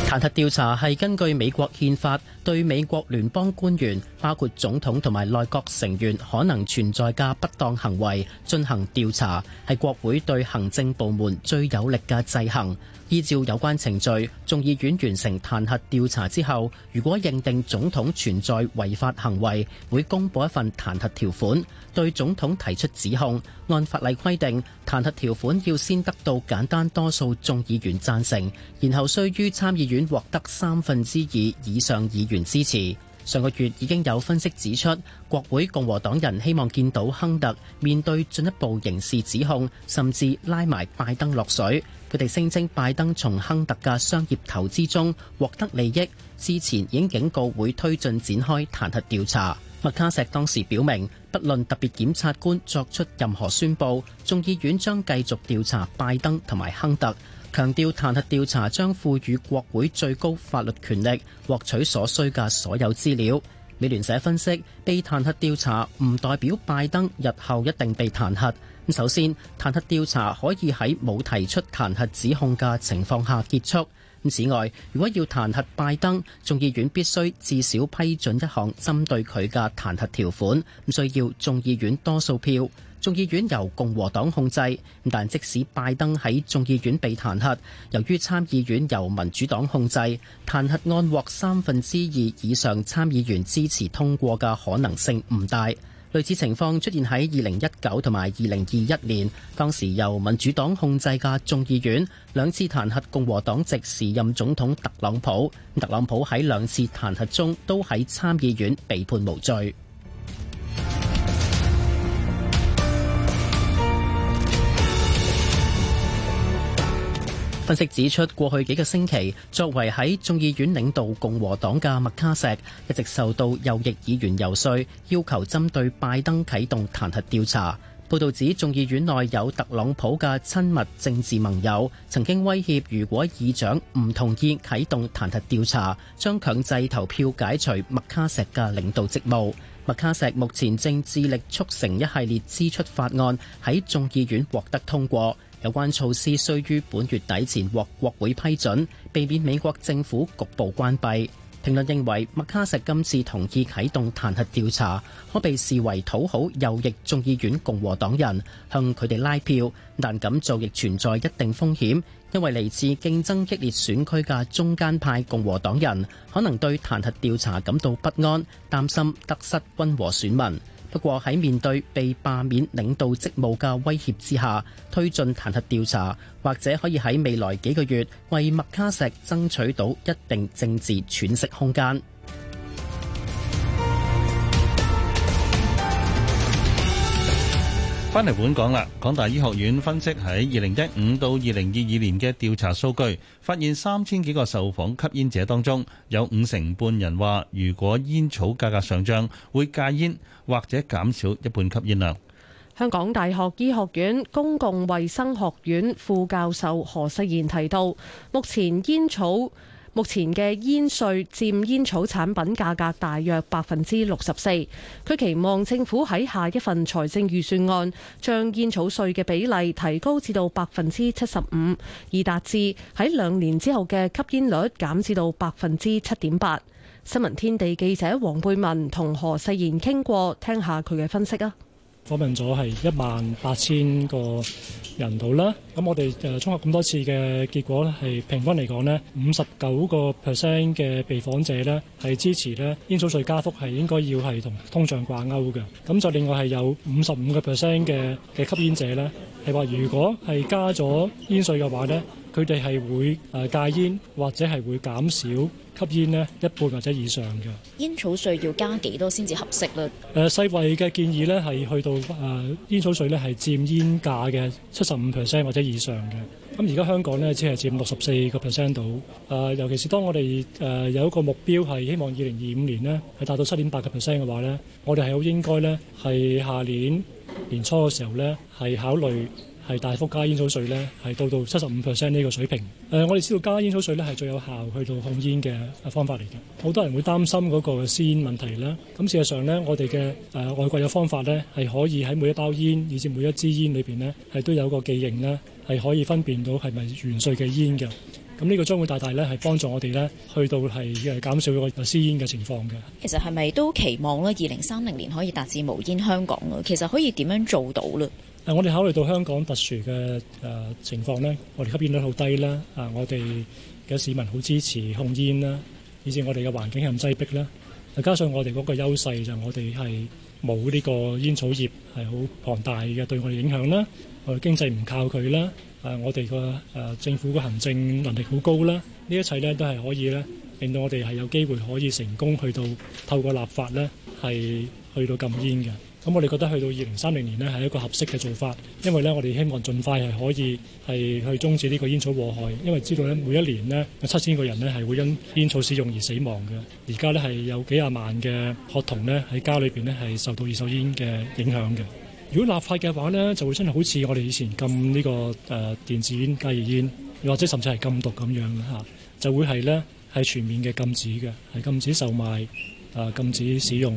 彈劾調查係根據美國憲法對美國聯邦官員，包括總統同埋內閣成員可能存在嘅不當行為進行調查，係國會對行政部門最有力嘅制衡。依照有關程序，眾議院完成彈劾調查之後，如果認定總統存在違法行為，會公布一份彈劾條款，對總統提出指控。按法例規定，彈劾條款要先得到簡單多數眾議員贊成，然後需於參議院獲得三分之二以上議員支持。上個月已經有分析指出，國會共和黨人希望見到亨特面對進一步刑事指控，甚至拉埋拜登落水。佢哋聲稱拜登從亨特嘅商業投資中獲得利益，之前已經警告會推進展開彈劾調查。麥卡錫當時表明，不論特別檢察官作出任何宣佈，眾議院將繼續調查拜登同埋亨特，強調彈劾調查將賦予國會最高法律權力，獲取所需嘅所有資料。美聯社分析，被彈劾調查唔代表拜登日後一定被彈劾。首先，彈劾調查可以喺冇提出彈劾指控嘅情況下結束。此外，如果要彈劾拜登，眾議院必須至少批准一項針對佢嘅彈劾條款，需要眾議院多數票。眾議院由共和黨控制。但即使拜登喺眾議院被彈劾，由於參議院由民主黨控制，彈劾案獲三分之二以上參議員支持通過嘅可能性唔大。類似情況出現喺二零一九同埋二零二一年，當時由民主黨控制嘅眾議院兩次彈劾共和黨籍時任總統特朗普。特朗普喺兩次彈劾中都喺參議院被判無罪。分析指出，過去幾個星期，作為喺眾議院領導共和黨嘅麥卡錫，一直受到右翼議員游說，要求針對拜登啟動彈劾調查。報導指，眾議院內有特朗普嘅親密政治盟友，曾經威脅如果議長唔同意啟動彈劾調查，將強制投票解除麥卡錫嘅領導職務。麥卡錫目前正致力促成一系列支出法案喺眾議院獲得通過。有關措施需於本月底前獲國會批准，避免美國政府局部關閉。評論認為，麥卡錫今次同意啟動彈劾調查，可被視為討好右翼眾議院共和黨人，向佢哋拉票。但咁做亦存在一定風險，因為嚟自競爭激烈選區嘅中間派共和黨人可能對彈劾調查感到不安，擔心得失溫和選民。不過喺面對被罷免領導職務嘅威脅之下，推進彈劾調查，或者可以喺未來幾個月為麥卡錫爭取到一定政治喘息空間。返嚟本港啦，港大醫學院分析喺二零一五到二零二二年嘅調查數據，發現三千幾個受訪吸煙者當中，有五成半人話，如果煙草價格上漲，會戒煙或者減少一半吸煙量。香港大學醫學院公共衛生學院副教授何世賢提到，目前煙草目前嘅煙稅佔煙草產品價格大約百分之六十四，佢期望政府喺下一份財政預算案將煙草稅嘅比例提高至到百分之七十五，而達至喺兩年之後嘅吸煙率減至到百分之七點八。新聞天地記者黃貝文同何世賢傾過，聽下佢嘅分析啊。訪問咗係一萬八千個人度啦，咁我哋誒綜合咁多次嘅結果咧，係平均嚟講咧，五十九個 percent 嘅被訪者咧係支持咧煙草稅加幅係應該要係同通脹掛鈎嘅，咁就另外係有五十五個 percent 嘅嘅吸煙者咧係話，如果係加咗煙稅嘅話咧。佢哋係會誒戒煙，或者係會減少吸煙咧一半或者以上嘅。煙草稅要加幾多先至合適咧？誒，世衞嘅建議咧係去到誒煙草稅咧係佔煙價嘅七十五 percent 或者以上嘅。咁而家香港咧只係佔六十四個 percent 到。誒，尤其是當我哋誒有一個目標係希望二零二五年咧係達到七點八個 percent 嘅話呢，我哋係好應該咧係下年年初嘅時候呢係考慮。係大幅加煙草稅呢係到到七十五 percent 呢個水平。誒、呃，我哋知道加煙草稅呢係最有效去到控煙嘅方法嚟嘅。好多人會擔心嗰個私煙問題啦。咁事實上呢，我哋嘅誒外國嘅方法呢，係可以喺每一包煙以至每一支煙裏邊呢，係都有個記認咧，係可以分辨到係咪原稅嘅煙嘅。咁呢個將會大大呢係幫助我哋呢去到係減少個私煙嘅情況嘅。其實係咪都期望呢？二零三零年可以達至無煙香港啊？其實可以點樣做到咧？誒、啊，我哋考慮到香港特殊嘅誒、啊、情況咧，我哋吸煙率好低啦，啊，我哋嘅市民好支持控煙啦，以至我哋嘅環境係咁擠迫啦、啊，加上我哋嗰個優勢就我哋係冇呢個煙草業係好龐大嘅對我哋影響啦，我哋經濟唔靠佢啦，誒、啊，我哋個誒政府個行政能力好高啦，呢一切咧都係可以咧令到我哋係有機會可以成功去到透過立法咧係去到禁煙嘅。咁我哋覺得去到二零三零年呢，係一個合適嘅做法，因為呢，我哋希望盡快係可以係去終止呢個煙草禍害。因為知道呢，每一年呢，有七千個人呢係會因煙草使用而死亡嘅。而家呢，係有幾廿萬嘅學童呢，喺家裏邊呢，係受到二手煙嘅影響嘅。如果立法嘅話呢，就會真係好似我哋以前禁呢、這個誒、呃、電子煙、加熱煙，或者甚至係禁毒咁樣嚇、啊，就會係呢，係全面嘅禁止嘅，係禁止售賣、誒、啊、禁止使用、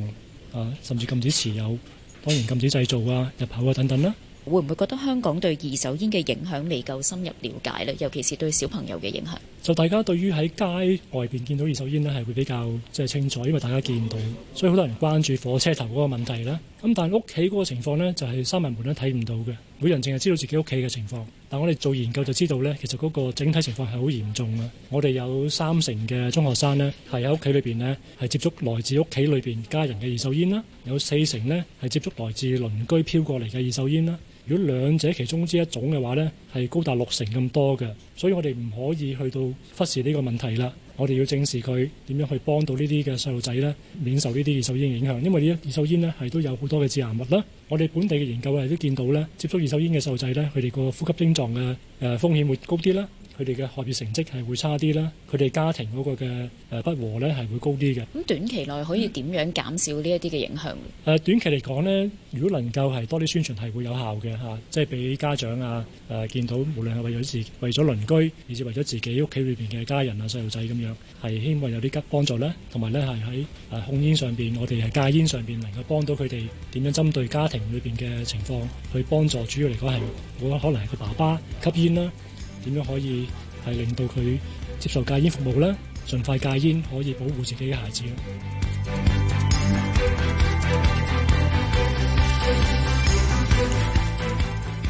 啊甚至禁止持有。當然禁止製造啊、入口啊等等啦。會唔會覺得香港對二手煙嘅影響未夠深入了解呢？尤其是對小朋友嘅影響。就大家對於喺街外邊見到二手煙呢係會比較即係清楚，因為大家見到，所以好多人關注火車頭嗰個問題咧。咁但係屋企嗰個情況呢，就係三閂門都睇唔到嘅，每人淨係知道自己屋企嘅情況。但我哋做研究就知道呢，其實嗰個整體情況係好嚴重嘅。我哋有三成嘅中學生呢，係喺屋企裏面，呢係接觸來自屋企裏面家人嘅二手煙啦；有四成呢，係接觸來自鄰居飄過嚟嘅二手煙啦。如果兩者其中之一種嘅話呢，係高達六成咁多嘅，所以我哋唔可以去到忽視呢個問題啦。我哋要正視佢，點樣去幫到呢啲嘅細路仔呢，免受呢啲二手煙影響。因為呢啲二手煙呢係都有好多嘅致癌物啦。我哋本地嘅研究係都見到呢，接觸二手煙嘅細路仔，佢哋個呼吸症狀嘅誒風險會高啲啦。佢哋嘅學業成績係會差啲啦，佢哋家庭嗰個嘅誒不和咧係會高啲嘅。咁短期內可以點樣減少呢一啲嘅影響？誒、嗯、短期嚟講呢，如果能夠係多啲宣傳係會有效嘅嚇、啊，即係俾家長啊誒、啊、見到，無論係為咗自己為咗鄰居，以至為咗自己屋企裏邊嘅家人啊細路仔咁樣，係希望有啲急幫助咧，同埋呢係喺控煙上邊，我哋係戒煙上邊，能夠幫到佢哋點樣針對家庭裏邊嘅情況去幫助。主要嚟講係我可能係佢爸爸吸煙啦。點樣可以係令到佢接受戒煙服務呢？盡快戒煙可以保護自己嘅孩子。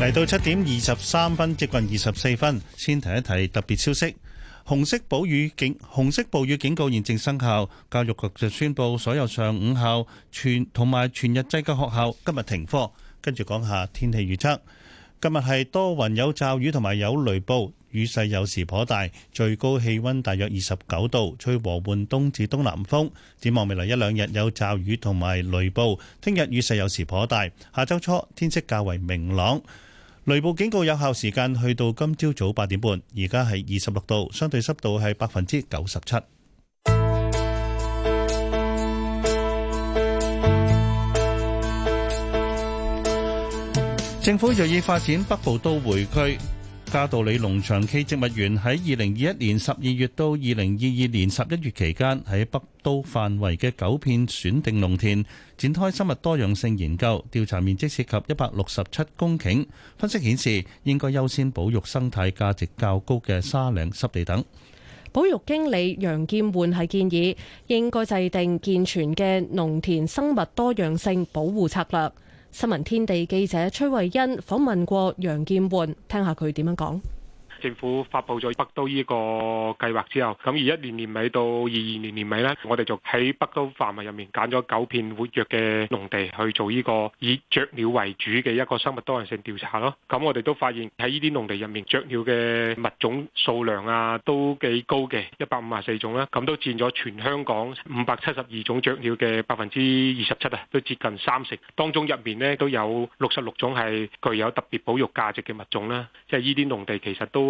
嚟到七點二十三分，接近二十四分，先提一提特別消息：紅色暴雨警，紅色暴雨警告現正生效。教育局就宣布所有上午校全同埋全日制嘅學校今日停課。跟住講下天氣預測。今日係多雲有驟雨同埋有雷暴，雨勢有時頗大，最高氣温大約二十九度，吹和緩東至東南風。展望未來一兩日有驟雨同埋雷暴，聽日雨勢有時頗大，下周初天色較為明朗。雷暴警告有效時間去到今朝早八點半，而家係二十六度，相對濕度係百分之九十七。政府銳意發展北部都會區。嘉道理農場暨植物園喺二零二一年十二月到二零二二年十一月期間，喺北都範圍嘅九片選定農田展開生物多樣性研究，調查面積涉及一百六十七公頃。分析顯示，應該優先保育生態價值較高嘅沙嶺濕地等。保育經理楊建煥係建議，應該制定健全嘅農田生物多樣性保護策略。新聞天地記者崔慧欣訪問過楊建煥，聽下佢點樣講。政府發布咗北都呢個計劃之後，咁二一年年尾到二二年年尾咧，我哋就喺北都範圍入面揀咗九片活躍嘅農地去做呢個以雀鳥為主嘅一個生物多樣性調查咯。咁我哋都發現喺呢啲農地入面雀鳥嘅物種數量啊都幾高嘅，一百五十四種啦，咁都佔咗全香港五百七十二種雀鳥嘅百分之二十七啊，都接近三成。當中入面咧都有六十六種係具有特別保育價值嘅物種啦，即係呢啲農地其實都。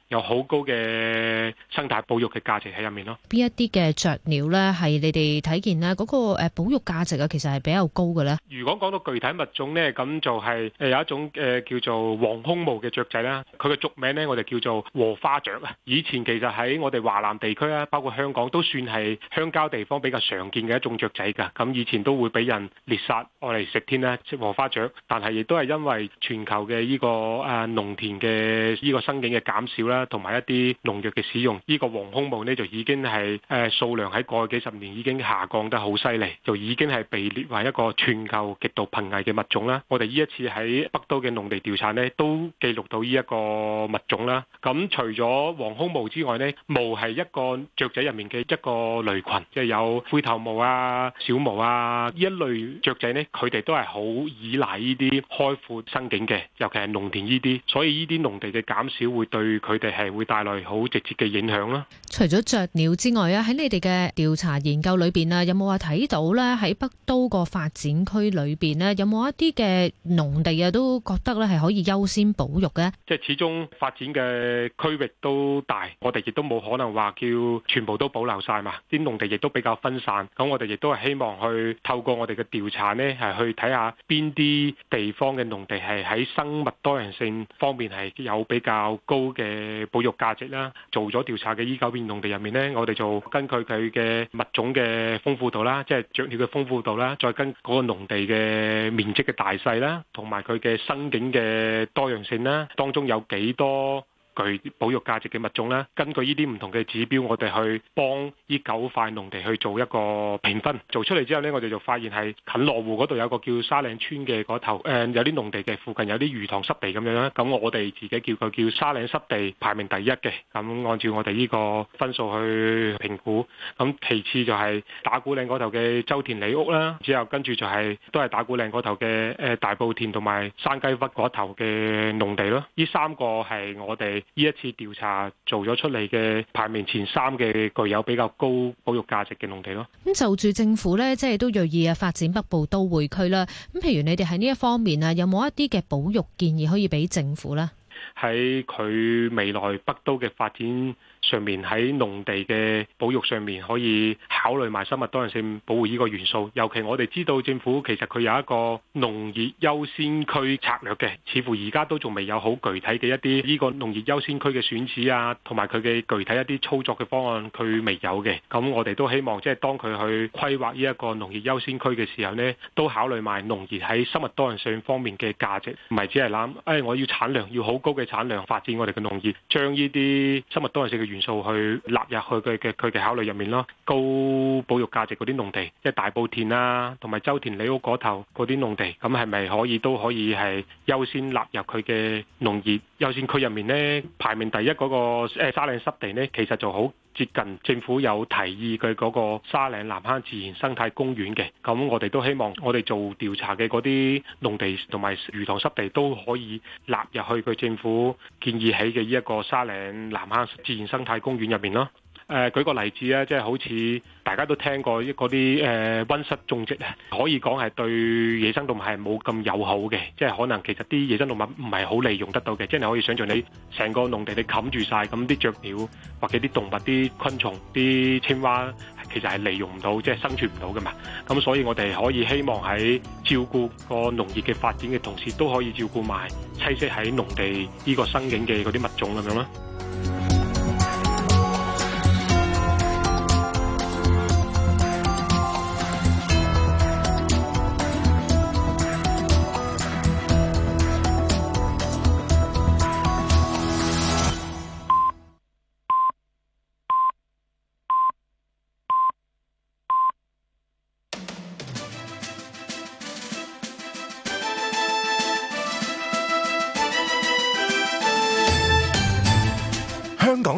有好高嘅生態保育嘅價值喺入面咯。邊一啲嘅雀鳥咧，係你哋睇見啦嗰個保育價值啊，其實係比較高嘅咧。如果講到具體物種咧，咁就係有一種叫做黃胸鵐嘅雀仔啦。佢嘅俗名咧，我哋叫做禾花雀啊。以前其實喺我哋華南地區啊，包括香港都算係鄉郊地方比較常見嘅一種雀仔㗎。咁以前都會俾人獵殺我嚟食添啦。即禾花雀。但係亦都係因為全球嘅呢個農田嘅呢個生境嘅減少啦。同埋一啲農藥嘅使用，呢個黃胸鵐呢就已經係誒數量喺過去幾十年已經下降得好犀利，就已經係被列為一個全球極度瀕危嘅物種啦。我哋呢一次喺北都嘅農地調查呢，都記錄到呢一個物種啦。咁除咗黃胸鵐之外呢，鵐係一個雀仔入面嘅一個類群，即係有灰頭鵐啊、小鵐啊呢一類雀仔呢，佢哋都係好依賴呢啲開闊生境嘅，尤其係農田呢啲，所以呢啲農地嘅減少會對佢哋。係會帶來好直接嘅影響啦。除咗雀鳥之外啊，喺你哋嘅調查研究裏邊啊，有冇話睇到咧？喺北都個發展區裏邊咧，有冇一啲嘅農地啊，都覺得咧係可以優先保育嘅？即係始終發展嘅區域都大，我哋亦都冇可能話叫全部都保留晒嘛。啲農地亦都比較分散，咁我哋亦都係希望去透過我哋嘅調查咧，係去睇下邊啲地方嘅農地係喺生物多樣性方面係有比較高嘅。保育價值啦，做咗調查嘅依九片農地入面咧，我哋就根據佢嘅物種嘅豐富度啦，即係雀鳥嘅豐富度啦，再跟嗰個農地嘅面積嘅大細啦，同埋佢嘅生境嘅多樣性啦，當中有幾多具保育價值嘅物種啦。根據呢啲唔同嘅指標，我哋去幫呢九塊農地去做一個評分。做出嚟之後呢，我哋就發現係近羅湖嗰度有個叫沙嶺村嘅嗰頭，誒有啲農地嘅附近有啲魚塘濕地咁樣，咁我哋自己叫佢叫沙嶺濕地，排名第一嘅。咁按照我哋呢個分數去評估，咁其次就係打鼓嶺嗰頭嘅周田里屋啦，之後跟住就係、是、都係打鼓嶺嗰頭嘅誒大埔田同埋山雞骨嗰頭嘅農地咯。呢三個係我哋。呢一次調查做咗出嚟嘅排名前三嘅具有比較高保育價值嘅農地咯。咁就住政府呢，即係都銳意啊發展北部都會區啦。咁譬如你哋喺呢一方面啊，有冇一啲嘅保育建議可以俾政府呢？喺佢未來北都嘅發展。上面喺農地嘅保育上面可以考慮埋生物多樣性保護呢個元素，尤其我哋知道政府其實佢有一個農業優先區策略嘅，似乎而家都仲未有好具體嘅一啲呢個農業優先區嘅選址啊，同埋佢嘅具體一啲操作嘅方案佢未有嘅，咁我哋都希望即係當佢去規劃呢一個農業優先區嘅時候呢，都考慮埋農業喺生物多樣性方面嘅價值，唔係只係諗誒，我要產量要好高嘅產量發展我哋嘅農業，將呢啲生物多樣性嘅元素去納入去佢嘅佢嘅考慮入面咯，高保育價值嗰啲農地，即係大埔田啊，同埋周田里屋嗰頭嗰啲農地，咁係咪可以都可以係優先納入佢嘅農業優先區入面咧？排名第一嗰、嗰個誒、哎、沙嶺濕地咧，其實就好。接近政府有提議，佢嗰個沙嶺南坑自然生態公園嘅，咁我哋都希望我哋做調查嘅嗰啲農地同埋魚塘濕地都可以納入去佢政府建議起嘅呢一個沙嶺南坑自然生態公園入面咯。誒舉個例子啊，即係好似大家都聽過一嗰啲誒溫室種植可以講係對野生動物係冇咁友好嘅，即係可能其實啲野生動物唔係好利用得到嘅，即係你可以想象你成個農地你冚住晒，咁啲雀鳥或者啲動物、啲昆蟲、啲青蛙，其實係利用唔到，即係生存唔到㗎嘛。咁所以我哋可以希望喺照顧個農業嘅發展嘅同時，都可以照顧埋棲息喺農地呢個生境嘅嗰啲物種咁樣啦。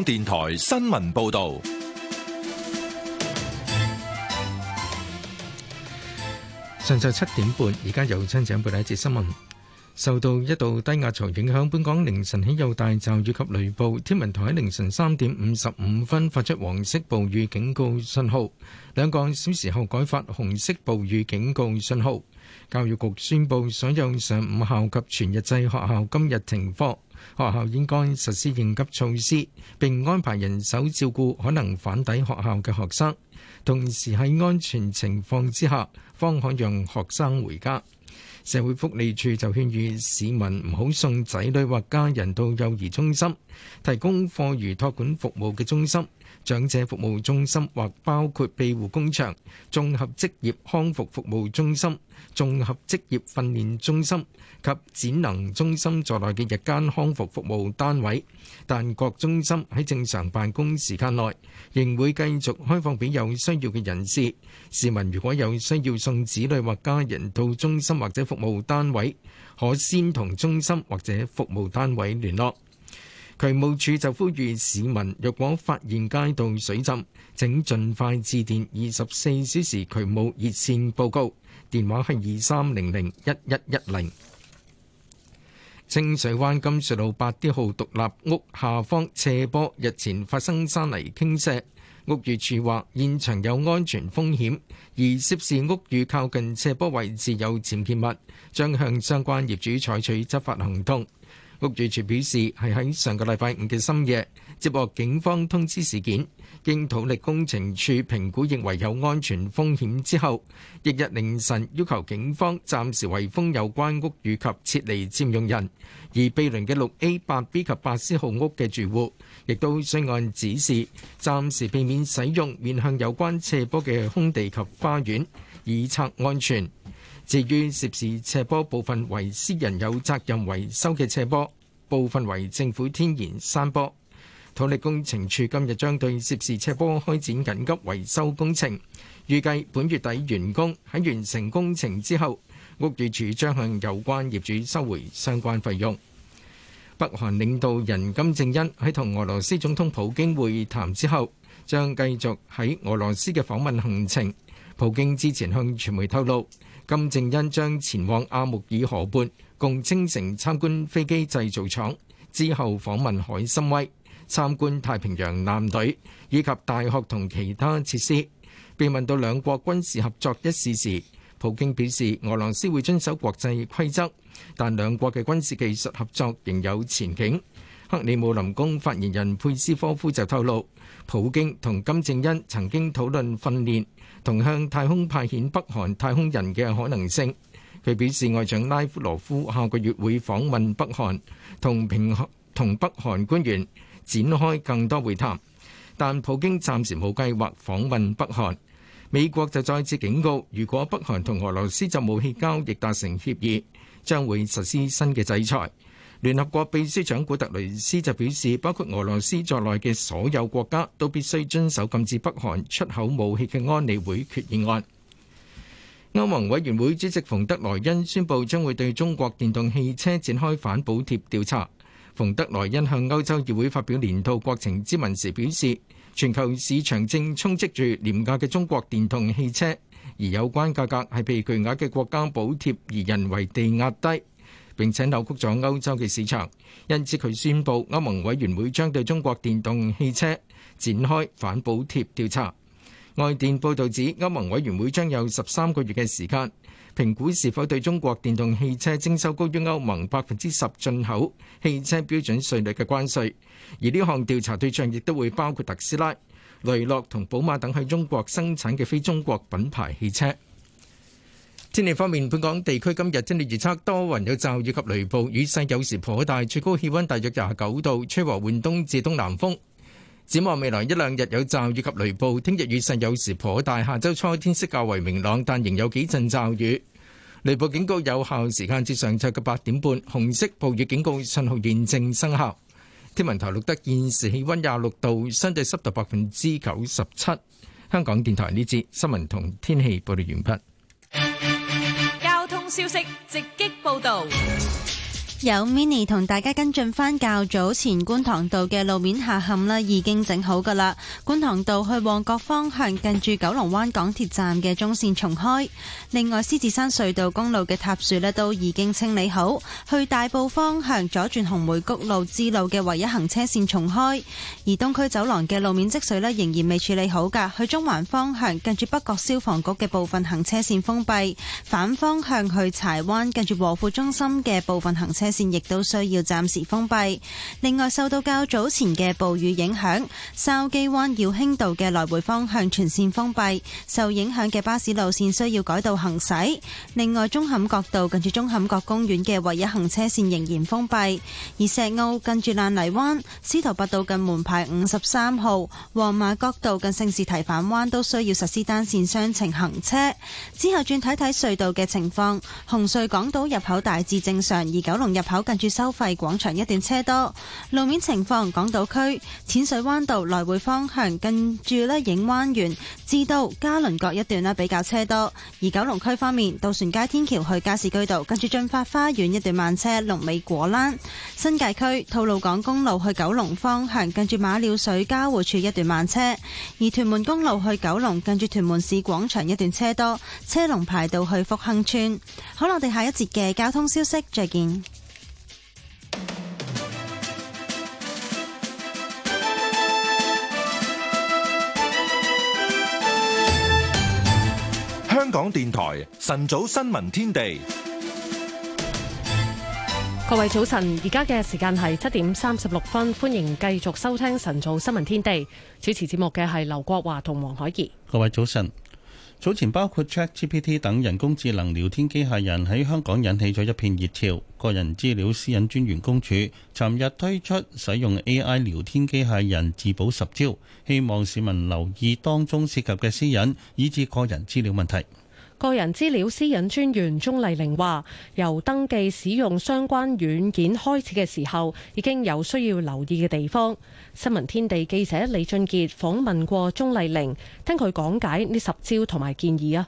電台新聞報道。上晝七點半，而家有請上播第一節新聞。受到一道低壓槽影響，本港凌晨起有大驟雨及雷暴。天文台喺凌晨三點五十五分發出黃色暴雨警告信號，兩個小時後改發紅色暴雨警告信號。教育局宣布所有上午校及全日制學校今日停課，學校應該實施應急措施，並安排人手照顧可能返抵學校嘅學生，同時喺安全情況之下，方可讓學生回家。社會福利署就勸喻市民唔好送仔女或家人到幼兒中心，提供課餘托管服務嘅中心，長者服務中心或包括庇護工場、綜合職業康復服務中心、綜合職業訓練中心及展能中心在內嘅日間康復服務單位，但各中心喺正常辦公時間內仍會繼續開放俾有需要嘅人士。市民如果有需要送子女或家人到中心或者服務單位，可先同中心或者服務單位聯絡。渠務處就呼籲市民，若果發現街道水浸，請盡快致電二十四小時渠務熱線報告，電話係二三零零一一一零。清水灣金穗路八 D 號獨立屋下方斜坡日前發生山泥傾瀉，屋宇處話現場有安全風險，而涉事屋宇靠近斜坡位置有僭建物，將向相關業主採取執法行動。屋宇署表示係喺上個禮拜五嘅深夜接獲警方通知事件，經土力工程處評估認為有安全風險之後，翌日凌晨要求警方暫時圍封有關屋宇及撤離佔用人，而毗鄰嘅 6A、8B 及 8C 號屋嘅住戶亦都須按指示暫時避免使用面向有關斜坡嘅空地及花園，以策安全。至於涉事斜坡部分為私人有責任維修嘅斜坡，部分為政府天然山坡。土力工程處今日將對涉事斜坡開展緊急維修工程，預計本月底完工。喺完成工程之後，屋宇署將向有關業主收回相關費用。北韓領導人金正恩喺同俄羅斯總統普京會談之後，將繼續喺俄羅斯嘅訪問行程。普京之前向傳媒透露。金正恩將前往阿穆爾河畔共青城參觀飛機製造廠，之後訪問海參崴，參觀太平洋艦隊以及大學同其他設施。被問到兩國軍事合作一事時，普京表示俄羅斯會遵守國際規則，但兩國嘅軍事技術合作仍有前景。克里姆林宮發言人佩斯科夫就透露，普京同金正恩曾經討論訓練。同向太空派遣北韓太空人嘅可能性，佢表示外長拉夫羅夫下個月會訪問北韓，同平同北韓官員展開更多會談。但普京暫時冇計劃訪問北韓。美國就再次警告，如果北韓同俄羅斯就武器交易達成協議，將會實施新嘅制裁。聯合國秘書長古特雷斯就表示，包括俄羅斯在內嘅所有國家都必須遵守禁止北韓出口武器嘅安理會決議案。歐盟委員會主席馮德萊恩宣布將會對中國電動汽車展開反補貼調查。馮德萊恩向歐洲議會發表年度國情咨文時表示，全球市場正充斥住廉價嘅中國電動汽車，而有關價格係被巨額嘅國家補貼而人為地壓低。並且扭曲咗歐洲嘅市場，因此佢宣布歐盟委員會將對中國電動汽車展開反補貼調查。外電報導指，歐盟委員會將有十三個月嘅時間評估是否對中國電動汽車徵收高於歐盟百分之十進口汽車標準稅率嘅關稅，而呢項調查對象亦都會包括特斯拉、雷諾同寶馬等喺中國生產嘅非中國品牌汽車。天氣方面，本港地區今日天氣預測，多雲有驟雨及雷暴，雨勢有時頗大，最高氣溫大約廿九度，吹和緩東至東南風。展望未來一兩日有驟雨及雷暴，聽日雨勢有時頗大。下周初天色較為明朗，但仍有幾陣驟雨。雷暴警告有效時間至上晝嘅八點半，紅色暴雨警告信號現正生效。天文台錄得現時氣溫廿六度，相對濕度百分之九十七。香港電台呢節新聞同天氣報道完畢。消息直擊報導。有 Mini 同大家跟進翻較早前觀塘道嘅路面下陷咧，已經整好噶啦。觀塘道去旺角方向近住九龍灣港鐵站嘅中線重開。另外獅子山隧道公路嘅塌樹咧都已經清理好。去大埔方向左轉紅梅谷路支路嘅唯一行車線重開。而東區走廊嘅路面積水咧仍然未處理好噶。去中環方向近住北角消防局嘅部分行車線封閉。反方向去柴灣近住和富中心嘅部分行車。綫亦都需要暫時封閉。另外，受到較早前嘅暴雨影響，筲箕灣耀興道嘅來回方向全綫封閉，受影響嘅巴士路綫需要改道行駛。另外，舂坎角道近住舂坎角公園嘅唯一行車綫仍然封閉，而石澳近住爛泥灣、司徒拔道近門牌五十三號、黃麻角道近聖士提反灣都需要實施單綫雙程行車。之後轉睇睇隧道嘅情況，紅隧港島入口大致正常，而九龍入跑近住收費廣場一段車多，路面情況，港島區淺水灣道來回方向近住咧影灣園至到嘉倫角一段比較車多。而九龍區方面，渡船街天橋去加士居道近住駿發花園一段慢車，龍尾果欄、新界區吐露港公路去九龍方向近住馬料水交匯處一段慢車。而屯門公路去九龍近住屯門市廣場一段車多，車龍排到去福亨村。好，我哋下一節嘅交通消息再見。香港電台晨早新聞天地，各位早晨，而家嘅時間係七點三十六分，歡迎繼續收聽晨早新聞天地。主持節目嘅係劉國華同黃海怡。各位早晨。早前包括 ChatGPT 等人工智能聊天機械人喺香港引起咗一片熱潮，個人資料私隱專員公署尋日推出使用 AI 聊天機械人自保十招，希望市民留意當中涉及嘅私隱，以至個人資料問題。個人資料私隱專員鍾麗玲話：由登記使用相關軟件開始嘅時候，已經有需要留意嘅地方。新聞天地記者李俊傑訪問過鍾麗玲，聽佢講解呢十招同埋建議啊。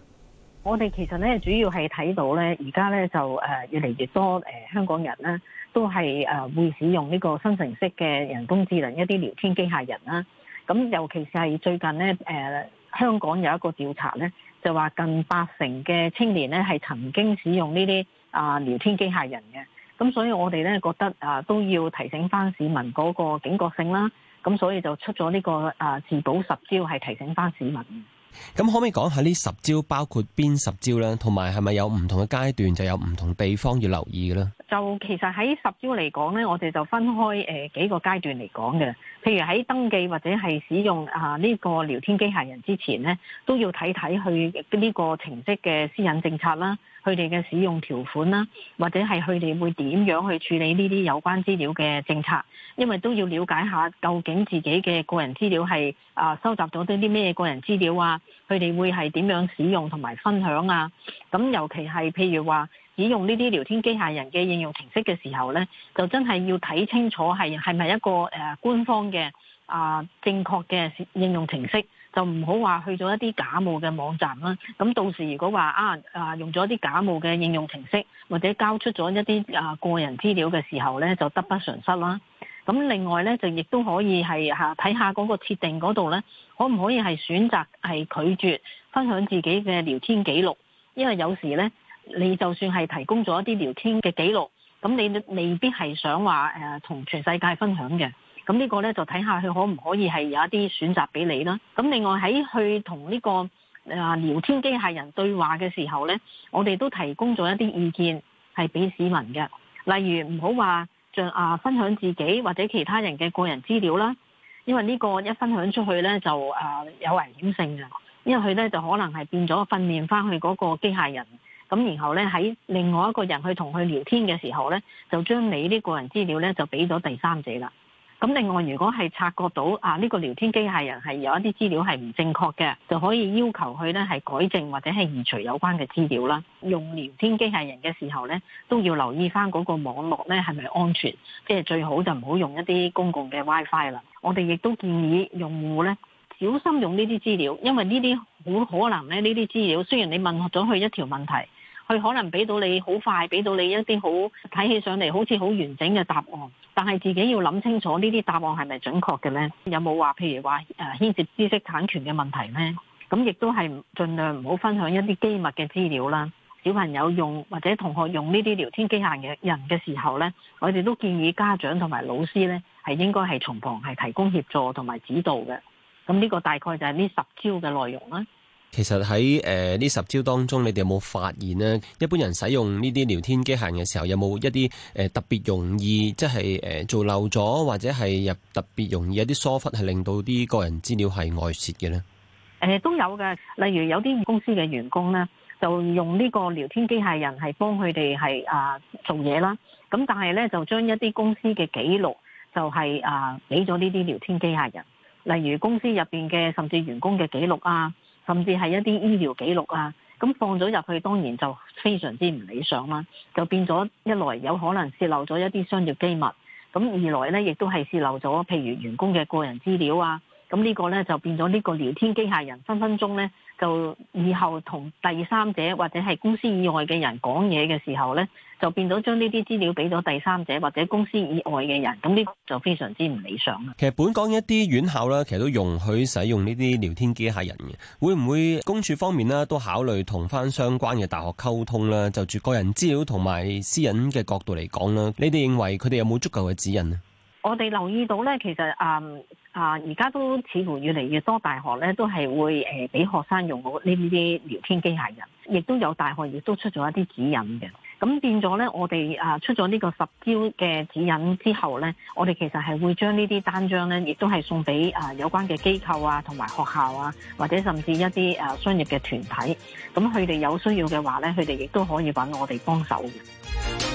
我哋其實咧，主要係睇到咧，而家咧就誒越嚟越多誒香港人咧，都係誒會使用呢個生成式嘅人工智能一啲聊天機械人啦。咁尤其是係最近咧，誒香港有一個調查咧。就話近八成嘅青年咧係曾經使用呢啲啊聊天機械人嘅，咁所以我哋咧覺得啊都要提醒返市民嗰個警覺性啦，咁所以就出咗呢個啊自保十招，係提醒返市民的。咁可唔可以講下呢十招包括邊十招咧？是是同埋係咪有唔同嘅階段就有唔同地方要留意嘅咧？就其實喺十招嚟講咧，我哋就分開誒幾個階段嚟講嘅。譬如喺登記或者係使用啊呢個聊天機械人之前咧，都要睇睇佢呢個程式嘅私隱政策啦，佢哋嘅使用條款啦，或者係佢哋會點樣去處理呢啲有關資料嘅政策，因為都要了解下究竟自己嘅個人資料係啊收集咗啲啲咩個人資料啊，佢哋會係點樣使用同埋分享啊，咁尤其係譬如話，使用呢啲聊天機械人嘅應用程式嘅時候呢，就真係要睇清楚係係咪一個誒官方嘅啊正確嘅應用程式，就唔好話去咗一啲假冒嘅網站啦。咁到時如果話啊啊用咗一啲假冒嘅應用程式，或者交出咗一啲啊個人資料嘅時候呢，就得不償失啦。咁另外呢，就亦都可以係嚇睇下嗰個設定嗰度呢，可唔可以係選擇係拒絕，拒絕分享自己嘅聊天記錄？因為有時呢。你就算係提供咗一啲聊天嘅記錄，咁你未必係想話誒同全世界分享嘅。咁呢個呢，就睇下佢可唔可以係有一啲選擇俾你啦。咁另外喺去同呢、這個啊、呃、聊天機械人對話嘅時候呢，我哋都提供咗一啲意見係俾市民嘅。例如唔好話像啊分享自己或者其他人嘅個人資料啦，因為呢個一分享出去呢，就啊、呃、有危險性嘅，因為佢呢，就可能係變咗訓練翻去嗰個機械人。咁然後咧，喺另外一個人去同佢聊天嘅時候咧，就將你呢個人資料咧就俾咗第三者啦。咁另外，如果係察覺到啊呢個聊天機械人係有一啲資料係唔正確嘅，就可以要求佢咧係改正或者係移除有關嘅資料啦。用聊天機械人嘅時候咧，都要留意翻嗰個網絡咧係咪安全，即係最好就唔好用一啲公共嘅 WiFi 啦。我哋亦都建議用戶咧小心用呢啲資料，因為呢啲好可能咧呢啲資料雖然你問咗佢一條問題。佢可能俾到你好快，俾到你一啲好睇起上嚟好似好完整嘅答案，但係自己要諗清楚呢啲答案係咪準確嘅呢？有冇話譬如話誒牽涉知識產權嘅問題呢？咁亦都係盡量唔好分享一啲機密嘅資料啦。小朋友用或者同學用呢啲聊天機械嘅人嘅時候呢，我哋都建議家長同埋老師呢係應該係從旁係提供協助同埋指導嘅。咁呢個大概就係呢十招嘅內容啦。其實喺誒呢十招當中，你哋有冇發現呢？一般人使用呢啲聊天機械人嘅時候，有冇一啲誒特別容易，即係誒做漏咗，或者係入特別容易一啲疏忽，係令到啲個人資料係外泄嘅呢？誒都有嘅，例如有啲公司嘅員工呢，就用呢個聊天機械人係幫佢哋係啊做嘢啦。咁但係呢，就將一啲公司嘅記錄就係啊俾咗呢啲聊天機械人，例如公司入邊嘅甚至員工嘅記錄啊。甚至係一啲醫療記錄啊，咁放咗入去當然就非常之唔理想啦，就變咗一來有可能洩漏咗一啲商業機密，咁二來呢亦都係洩漏咗譬如員工嘅個人資料啊。咁呢個咧就變咗呢個聊天機械人，分分鐘咧就以後同第三者或者係公司以外嘅人講嘢嘅時候咧，就變咗將呢啲資料俾咗第三者或者公司以外嘅人。咁呢個就非常之唔理想啦。其實本港一啲院校咧，其實都容許使用呢啲聊天機械人嘅，會唔會公署方面呢，都考慮同翻相關嘅大學溝通啦？就住個人資料同埋私隱嘅角度嚟講咧，你哋認為佢哋有冇足夠嘅指引呢？我哋留意到咧，其實誒誒，嗯、啊、而家都似乎越嚟越多大學咧，都係會誒呃、俾學生用好呢啲聊天機械人，亦都有大學亦都出咗一啲指引嘅。咁變咗咧，我哋誒出咗呢個十招嘅指引之後咧，我哋其實係會將呢啲單張咧，亦都係送俾誒有關嘅機構啊，同埋學校啊，或者甚至一啲誒商業嘅團體。咁佢哋有需要嘅話咧，佢哋亦都可以揾我哋幫手嘅。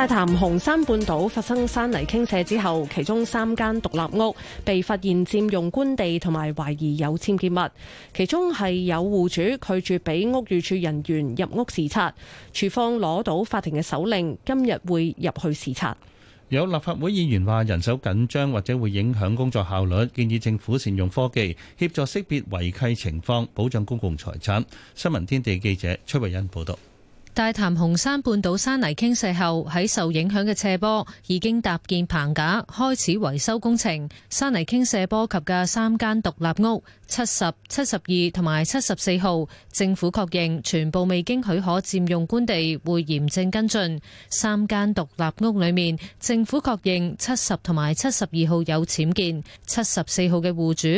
大潭紅山半島發生山泥傾瀉之後，其中三間獨立屋被發現佔用官地，同埋懷疑有僭建物。其中係有戶主拒絕俾屋宇署人員入屋視察，署方攞到法庭嘅手令，今日會入去視察。有立法會議員話：人手緊張，或者會影響工作效率，建議政府善用科技協助識別違規情況，保障公共財產。新聞天地記者崔慧欣報道。大潭紅山半島山泥傾瀉後，喺受影響嘅斜坡已經搭建棚架，開始維修工程。山泥傾瀉波及嘅三間獨立屋，七十、七十二同埋七十四號，政府確認全部未經許可佔用官地，會嚴正跟進。三間獨立屋裏面，政府確認七十同埋七十二號有僭建，七十四號嘅戶主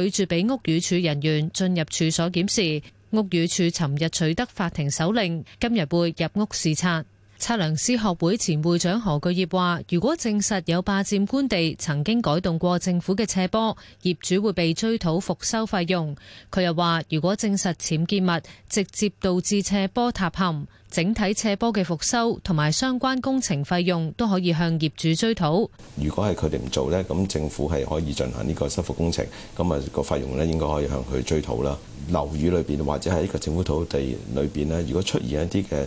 拒絕俾屋宇署人員進入處所檢視。屋宇署尋日取得法庭手令，今日會入屋視察。測量師學會前會長何巨業話，如果證實有霸佔官地，曾經改動過政府嘅斜坡，業主會被追討復修費用。佢又話，如果證實僭建物直接導致斜坡塌陷，整體斜坡嘅復修同埋相關工程費用都可以向業主追討。如果係佢哋唔做呢，咁政府係可以進行呢個修復工程，咁啊個費用呢應該可以向佢追討啦。樓宇裏邊或者喺一個政府土地裏邊呢，如果出現一啲嘅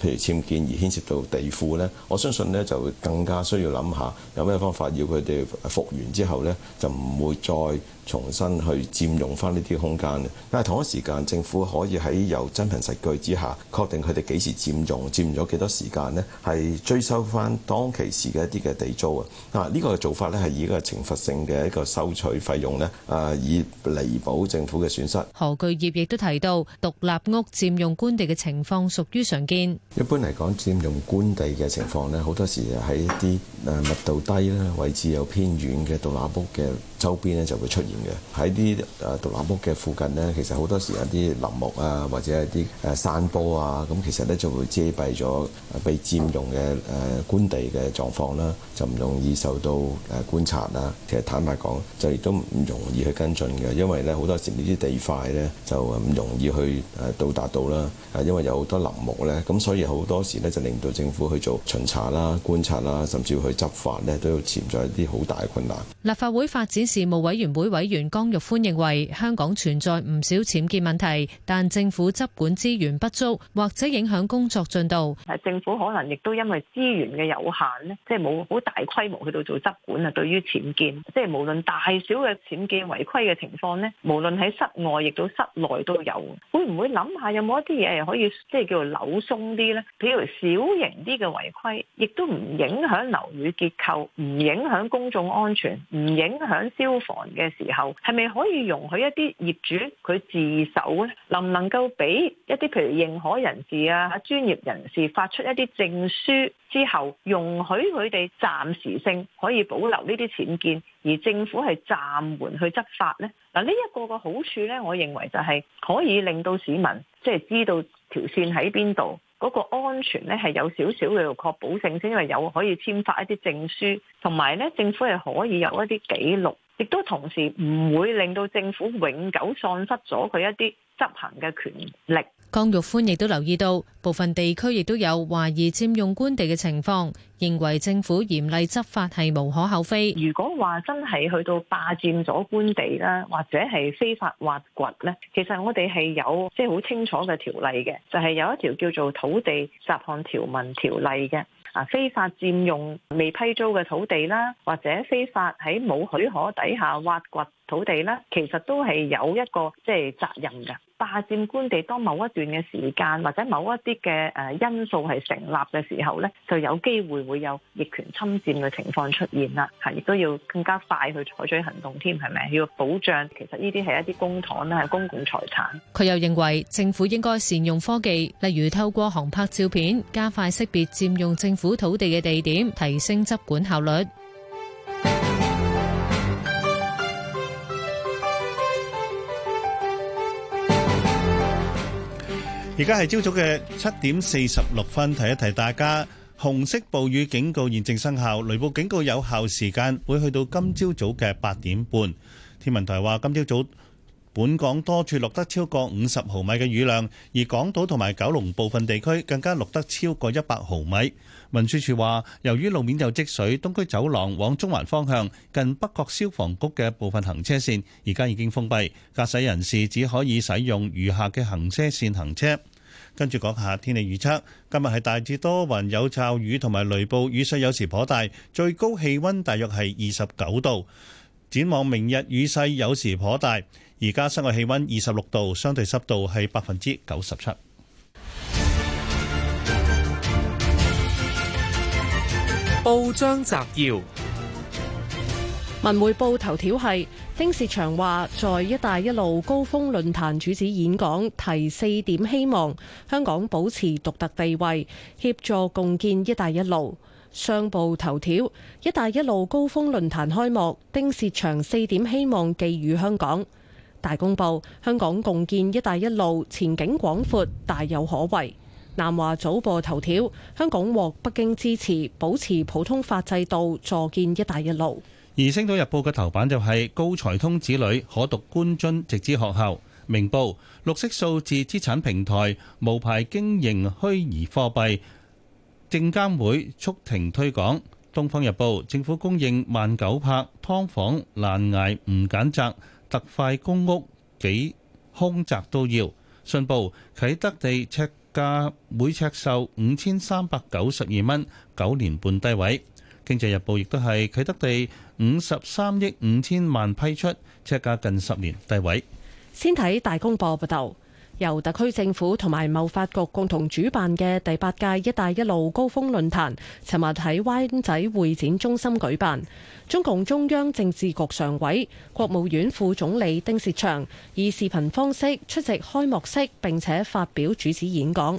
譬如僭建而牽涉到地庫呢，我相信呢就會更加需要諗下有咩方法，要佢哋復原之後呢，就唔會再重新去佔用翻呢啲空間嘅，但係同一時間，政府可以喺有真憑實據之下，確定佢哋幾時佔用、佔咗幾多時間呢，係追收翻當其時嘅一啲嘅地租啊！啊，呢個做法呢，係以一個懲罰性嘅一個收取費用呢，啊，以彌補政府嘅損失。何巨業亦都提到，獨立屋佔用官地嘅情況屬於常見。一般嚟講，佔用官地嘅情況呢，好多時喺一啲密度低啦、位置又偏遠嘅獨立屋嘅。周邊呢就會出現嘅喺啲誒獨立屋嘅附近呢，其實好多時有啲林木啊，或者係啲誒山坡啊，咁其實呢，就會遮蔽咗被佔用嘅誒官地嘅狀況啦，就唔容易受到誒觀察啦。其實坦白講，就亦都唔容易去跟進嘅，因為呢，好多時呢啲地塊呢，就唔容易去誒到達到啦，誒因為有好多林木呢，咁所以好多時呢，就令到政府去做巡查啦、觀察啦，甚至去執法呢，都要潛在一啲好大嘅困難。立法會發展事務委員會委員江玉歡認為，香港存在唔少僭建問題，但政府執管資源不足，或者影響工作進度。政府可能亦都因為資源嘅有限咧，即係冇好大規模去到做執管啊。對於僭建，即係無論大小嘅僭建違規嘅情況咧，無論喺室外亦到室內都有。會唔會諗下有冇一啲嘢，可以即係叫做扭鬆啲呢？譬如小型啲嘅違規，亦都唔影響樓宇結構，唔影響公眾安全，唔影響。消防嘅時候，係咪可以容許一啲業主佢自首咧？能唔能夠俾一啲譬如認可人士啊、專業人士發出一啲證書之後容許佢哋暫時性可以保留呢啲僭建，而政府係暫緩去執法咧？嗱，呢一個嘅好處咧，我認為就係可以令到市民即係知道條線喺邊度，嗰個安全咧係有少少嘅確保性，先因為有可以簽發一啲證書，同埋咧政府係可以有一啲記錄。亦都同時唔會令到政府永久喪失咗佢一啲執行嘅權力。江玉歡亦都留意到部分地區亦都有懷疑佔用官地嘅情況，認為政府嚴厲執法係無可厚非。如果話真係去到霸佔咗官地啦，或者係非法挖掘咧，其實我哋係有即係好清楚嘅條例嘅，就係有一條叫做土地雜項條文條例嘅。非法佔用未批租嘅土地啦，或者非法喺冇許可底下挖掘土地啦，其實都係有一個即係責任嘅。霸佔官地，當某一段嘅時間或者某一啲嘅誒因素係成立嘅時候咧，就有機會會有逆權侵佔嘅情況出現啦。吓，亦都要更加快去採取行動添，係咪要保障？其實呢啲係一啲公帑咧，係公共財產。佢又認為政府應該善用科技，例如透過航拍照片加快識別佔用政府土地嘅地點，提升執管效率。而家係朝早嘅七點四十六分，提一提大家，紅色暴雨警告現正生效，雷暴警告有效時間會去到今朝早嘅八點半。天文台話，今朝早，早。本港多處錄得超過五十毫米嘅雨量，而港島同埋九龍部分地區更加錄得超過一百毫米。運輸署話，由於路面有積水，東區走廊往中環方向近北角消防局嘅部分行車線而家已經封閉，駕駛人士只可以使用餘下嘅行車線行車。跟住講下天氣預測，今日係大致多雲有驟雨同埋雷暴，雨勢有時頗大，最高氣溫大約係二十九度。展望明日，雨勢有時頗大。而家室外氣溫二十六度，相對濕度係百分之九十七。報章摘要：《文匯報》頭條係丁薛祥話，在“一帶一路”高峰論壇主旨演講提四點希望，香港保持獨特地位，協助共建“一帶一路”。商報頭條：“一帶一路”高峰論壇開幕，丁薛祥四點希望寄予香港。大公報，香港共建“一帶一路”前景廣闊，大有可為。南華早報頭條：香港獲北京支持，保持普通法制度，助建“一帶一路”。而《星島日報》嘅頭版就係高才通子女可讀官津直資學校。明報：綠色數字資產平台無牌經營虛擬貨幣，證監會促停推廣。《東方日報》：政府供應萬九拍劏房難挨，唔簡則。特快公屋幾空宅都要。信報啟德地尺價每尺售五千三百九十二蚊，九年半低位。經濟日報亦都係啟德地五十三億五千萬批出，尺價近十年低位。先睇大公報報道。由特區政府同埋貿發局共同主辦嘅第八屆“一帶一路”高峰論壇，尋日喺灣仔會展中心舉辦。中共中央政治局常委、國務院副總理丁薛祥以視頻方式出席開幕式，並且發表主旨演講。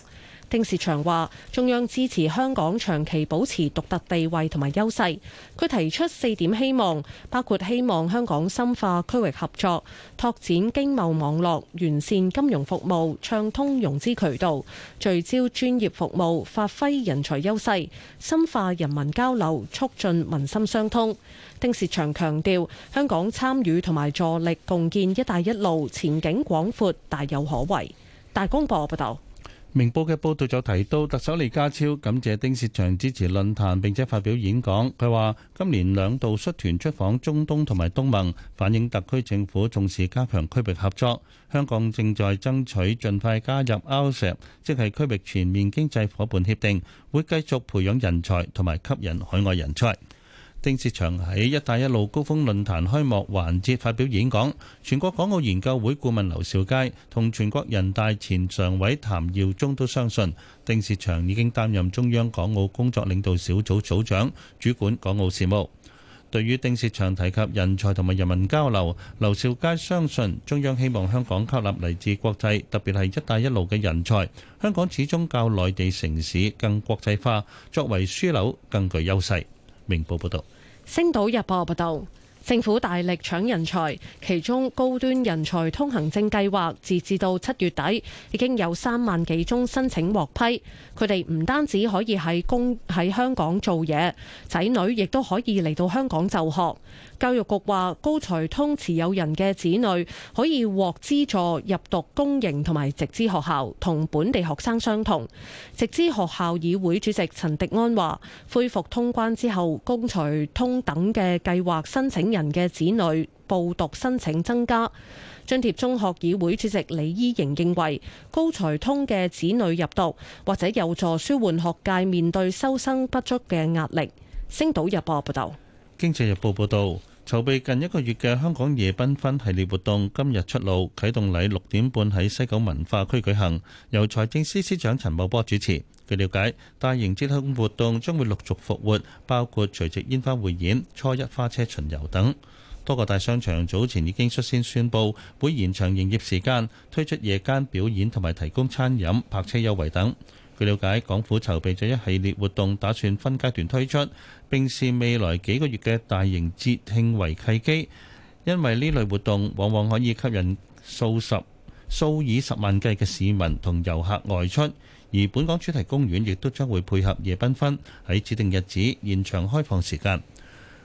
丁士祥話：中央支持香港長期保持獨特地位同埋優勢。佢提出四點希望，包括希望香港深化區域合作、拓展經貿網絡、完善金融服務、暢通融資渠道、聚焦專業服務、發揮人才優勢、深化人民交流、促進民心相通。丁士祥強調，香港參與同埋助力共建「一帶一路」前景廣闊，大有可為。大公報報道。明報嘅報道就提到，特首李家超感謝丁薛祥支持論壇，並且發表演講。佢話：今年兩度率團出訪中東同埋東盟，反映特區政府重視加強區域合作。香港正在爭取盡快加入 RCEP，即係區域全面經濟伙伴協定，會繼續培養人才同埋吸引海外人才。丁薛祥喺“一帶一路”高峰論壇開幕環節發表演講。全國港澳研究會顧問劉兆佳同全國人大前常委譚耀宗都相信，丁薛祥已經擔任中央港澳工作領導小組組長，主管港澳事務。對於丁薛祥提及人才同埋人民交流，劉兆佳相信中央希望香港吸納嚟自國際，特別係“一帶一路”嘅人才。香港始終較內地城市更國際化，作為樞紐更具優勢。明報報道，星島日報報道。政府大力搶人才，其中高端人才通行證計劃截至到七月底，已經有三萬幾宗申請獲批。佢哋唔單止可以喺工喺香港做嘢，仔女亦都可以嚟到香港就學。教育局話，高才通持有人嘅子女可以獲資助入讀公營同埋直資學校，同本地學生相同。直資學校議會主席陳迪安話，恢復通關之後，高才通等嘅計劃申請人。人嘅子女報讀申請增加。津貼中學議會主席李依瑩認為，高才通嘅子女入讀或者有助舒緩學界面對收生不足嘅壓力。星島日報報道。經濟日報報道。籌備近一個月嘅香港夜繽紛系列活動今日出爐，啟動禮六點半喺西九文化區舉行，由財政司司長陳茂波主持。據了解，大型節慶活動將會陸續復活，包括除夕煙花匯演、初一花車巡遊等。多個大商場早前已經率先宣布會延長營業時間，推出夜間表演同埋提供餐飲、泊車優惠等。據了解，港府籌備咗一系列活動，打算分階段推出，並視未來幾個月嘅大型節慶為契機，因為呢類活動往往可以吸引數十數以十萬計嘅市民同遊客外出，而本港主題公園亦都將會配合夜繽紛喺指定日子延長開放時間。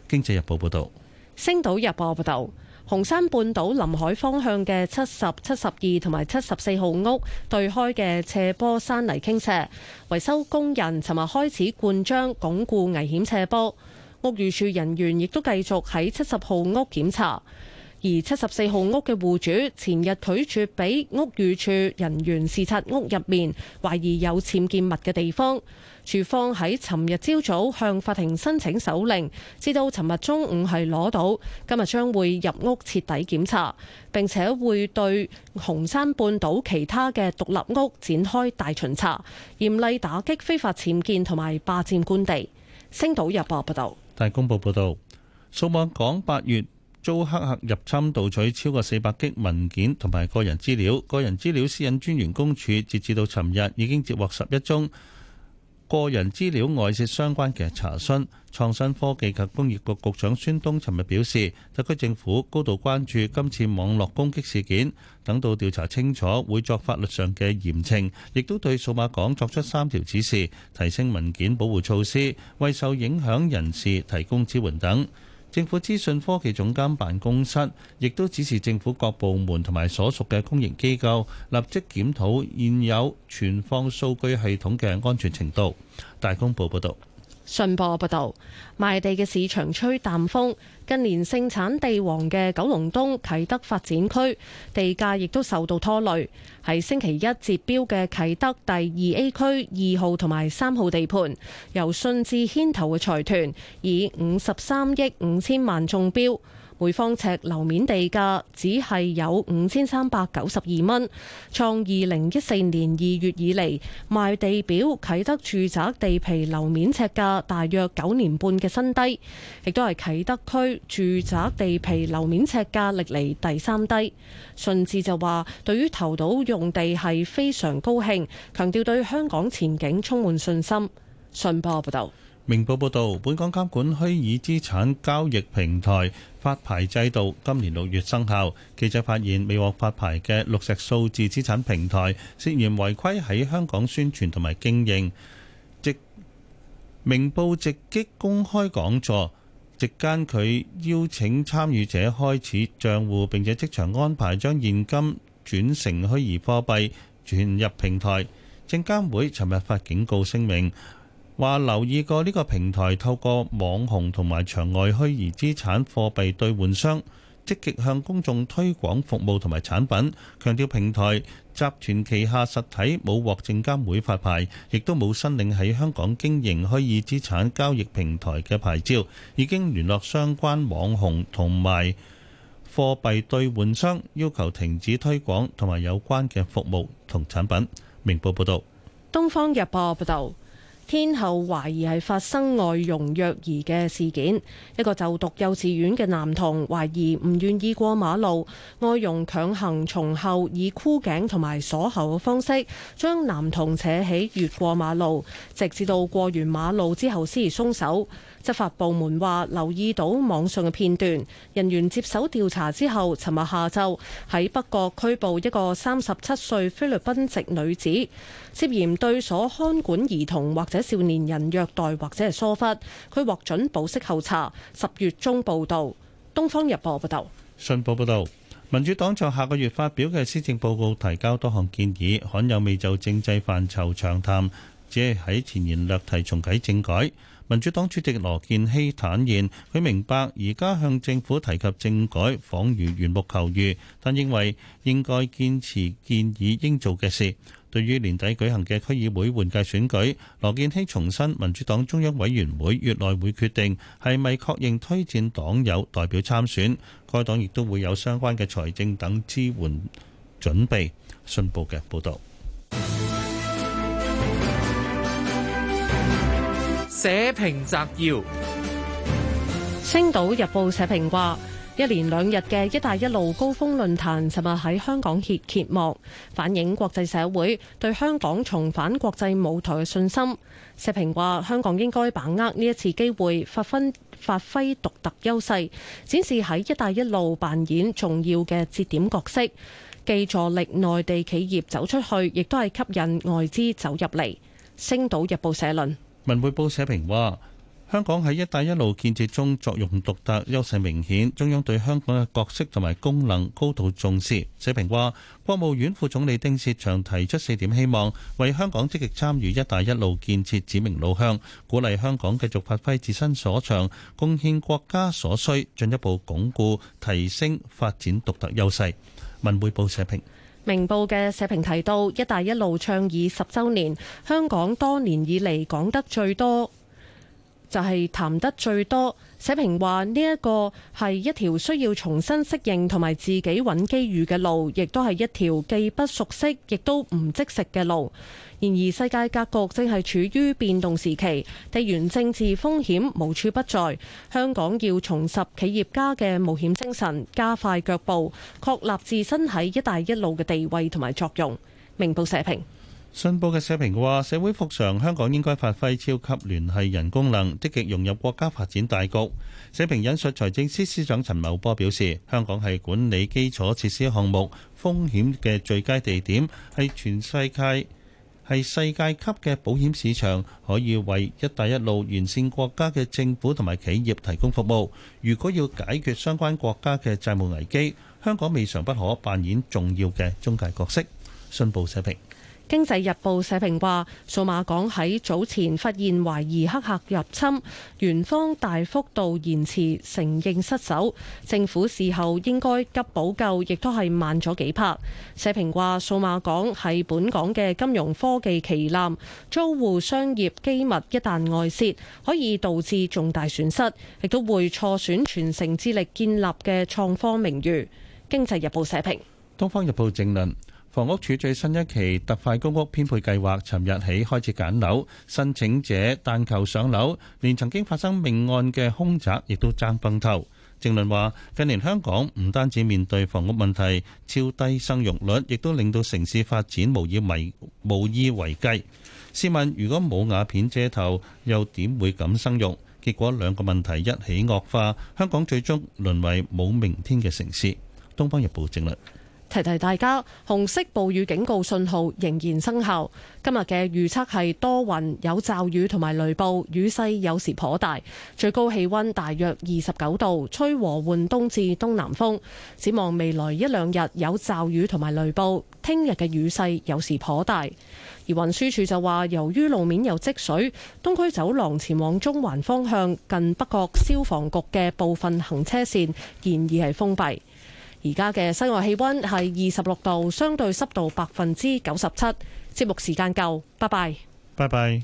經濟日報報道。星島日報報道。紅山半島臨海方向嘅七十、七十二同埋七十四號屋對開嘅斜坡山泥傾斜，維修工人尋日開始灌漿鞏固危險斜坡。屋宇署人員亦都繼續喺七十號屋檢查，而七十四號屋嘅戶主前日拒絕俾屋宇署人員視察屋入面，懷疑有僭建物嘅地方。署方喺尋日朝早向法庭申請手令，至到尋日中午係攞到，今日將會入屋徹底檢查，並且會對紅山半島其他嘅獨立屋展開大巡查，嚴厲打擊非法僭建同埋霸佔官地。星島日報報道。《大公報》報道，數網港八月遭黑客入侵盜取超過四百 G 文件同埋個人資料，個人資料私隱專員公署截至到尋日已經接獲十一宗。個人資料外泄相關嘅查詢，創新科技及工業局局長孫東尋日表示，特區政府高度關注今次網絡攻擊事件，等到調查清楚會作法律上嘅嚴懲，亦都對數碼港作出三條指示，提升文件保護措施，為受影響人士提供支援等。政府資訊科技總監辦公室亦都指示政府各部門同埋所屬嘅公營機構立即檢討現有存放數據系統嘅安全程度。大公報報道。信報報道，賣地嘅市場吹淡風，近年盛產地王嘅九龍東啟德發展區地價亦都受到拖累。喺星期一截標嘅啟德第二 A 區二號同埋三號地盤，由信置牽頭嘅財團以五十三億五千萬中標。每方尺樓面地價只係有五千三百九十二蚊，創二零一四年二月以嚟賣地表啟德住宅地皮樓面尺價大約九年半嘅新低，亦都係啟德區住宅地皮樓面尺價歷嚟第三低。信置就話對於投到用地係非常高興，強調對香港前景充滿信心。信波報道。明報報導，本港監管虛擬資產交易平台發牌制度今年六月生效。記者發現，未獲發牌嘅綠石數字資產平台涉嫌違規喺香港宣傳同埋經營，直明報直擊公開講座，席間佢邀請參與者開始賬戶，並且即場安排將現金轉成虛擬貨幣轉入平台。證監會尋日發警告聲明。話留意過呢個平台，透過網紅同埋場外虛擬資產貨幣兌換商積極向公眾推廣服務同埋產品，強調平台集團旗下實體冇獲證監會發牌，亦都冇申領喺香港經營虛擬資產交易平台嘅牌照，已經聯絡相關網紅同埋貨幣兌換商，要求停止推廣同埋有關嘅服務同產品。明報報道，東方日報報道。天后懷疑係發生外傭虐兒嘅事件，一個就讀幼稚園嘅男童懷疑唔願意過馬路，外傭強行從後以箍頸同埋鎖喉嘅方式，將男童扯起越過馬路，直至到過完馬路之後先鬆手。執法部門話留意到網上嘅片段，人員接手調查之後，尋日下晝喺北角拘捕一個三十七歲菲律賓籍女子，涉嫌對所看管兒童或者少年人虐待或者係疏忽，佢獲准保釋候查。十月中報道，《東方日報，報導》報道，《信報》報道，民主黨在下個月發表嘅施政報告提交多項建議，罕有未就政制範疇長談，只係喺前言略提重啓政改。民主黨主席羅健熙坦言，佢明白而家向政府提及政改仿如緣木求魚，但認為應該堅持建議應做嘅事。對於年底舉行嘅區議會換屆選舉，羅健熙重申，民主黨中央委員會月內會決定係咪確認推薦黨友代表參選，該黨亦都會有相關嘅財政等支援準備。信報嘅報導。社評摘要：平《星島日報》社評話，一連兩日嘅“一帶一路”高峰論壇，尋日喺香港揭揭幕，反映國際社會對香港重返國際舞台嘅信心。社評話，香港應該把握呢一次機會，發揮發揮獨特優勢，展示喺“一帶一路”扮演重要嘅節點角色，既助力內地企業走出去，亦都係吸引外資走入嚟。《星島日報》社論。文匯報社評話，香港喺“一帶一路”建設中作用獨特、優勢明顯，中央對香港嘅角色同埋功能高度重視。社評話，國務院副總理丁薛祥提出四點希望，為香港積極參與“一帶一路”建設指明路向，鼓勵香港繼續發揮自身所長，貢獻國家所需，進一步鞏固提升發展獨特優勢。文匯報社評。明報嘅社評提到，一帶一路倡議十週年，香港多年以嚟講得最多。就係談得最多，社評話呢一個係一條需要重新適應同埋自己揾機遇嘅路，亦都係一條既不熟悉，亦都唔即食嘅路。然而世界格局正係處於變動時期，地緣政治風險無處不在。香港要重拾企業家嘅冒險精神，加快腳步，確立自身喺一帶一路嘅地位同埋作用。明報社評。信報嘅社評話：社會復常，香港應該發揮超級聯繫人功能，積極融入國家發展大局。社評引述財政司司長陳茂波表示：香港係管理基礎設施項目風險嘅最佳地點，係全世界係世界級嘅保險市場，可以為一帶一路沿線國家嘅政府同埋企業提供服務。如果要解決相關國家嘅債務危機，香港未嘗不可扮演重要嘅中介角色。信報社評。《經濟日報》社評話：數碼港喺早前發現懷疑黑客入侵，園方大幅度延遲承認失守，政府事後應該急補救，亦都係慢咗幾拍。社評話：數碼港係本港嘅金融科技旗艦，租戶商業機密一旦外泄，可以導致重大損失，亦都會挫損全城之力建立嘅創科名譽。《經濟日報》社評，《東方日報》正論。房屋署最新一期特快公屋編配計劃，尋日起開始揀樓，申請者但求上樓，連曾經發生命案嘅凶宅亦都爭崩頭。正論話：近年香港唔單止面對房屋問題，超低生育率亦都令到城市發展無以為無以為繼。試問，如果冇瓦片遮頭，又點會噉生育？結果兩個問題一起惡化，香港最終淪為冇明天嘅城市。《東方日報》正論。提提大家，紅色暴雨警告信號仍然生效。今日嘅預測係多雲有驟雨同埋雷暴，雨勢有時頗大。最高氣温大約二十九度，吹和緩東至東南風。展望未來一兩日有驟雨同埋雷暴，聽日嘅雨勢有時頗大。而運輸署就話，由於路面有積水，東區走廊前往中環方向近北角消防局嘅部分行車線現已係封閉。而家嘅室外氣溫係二十六度，相對濕度百分之九十七。節目時間夠，拜拜，拜拜。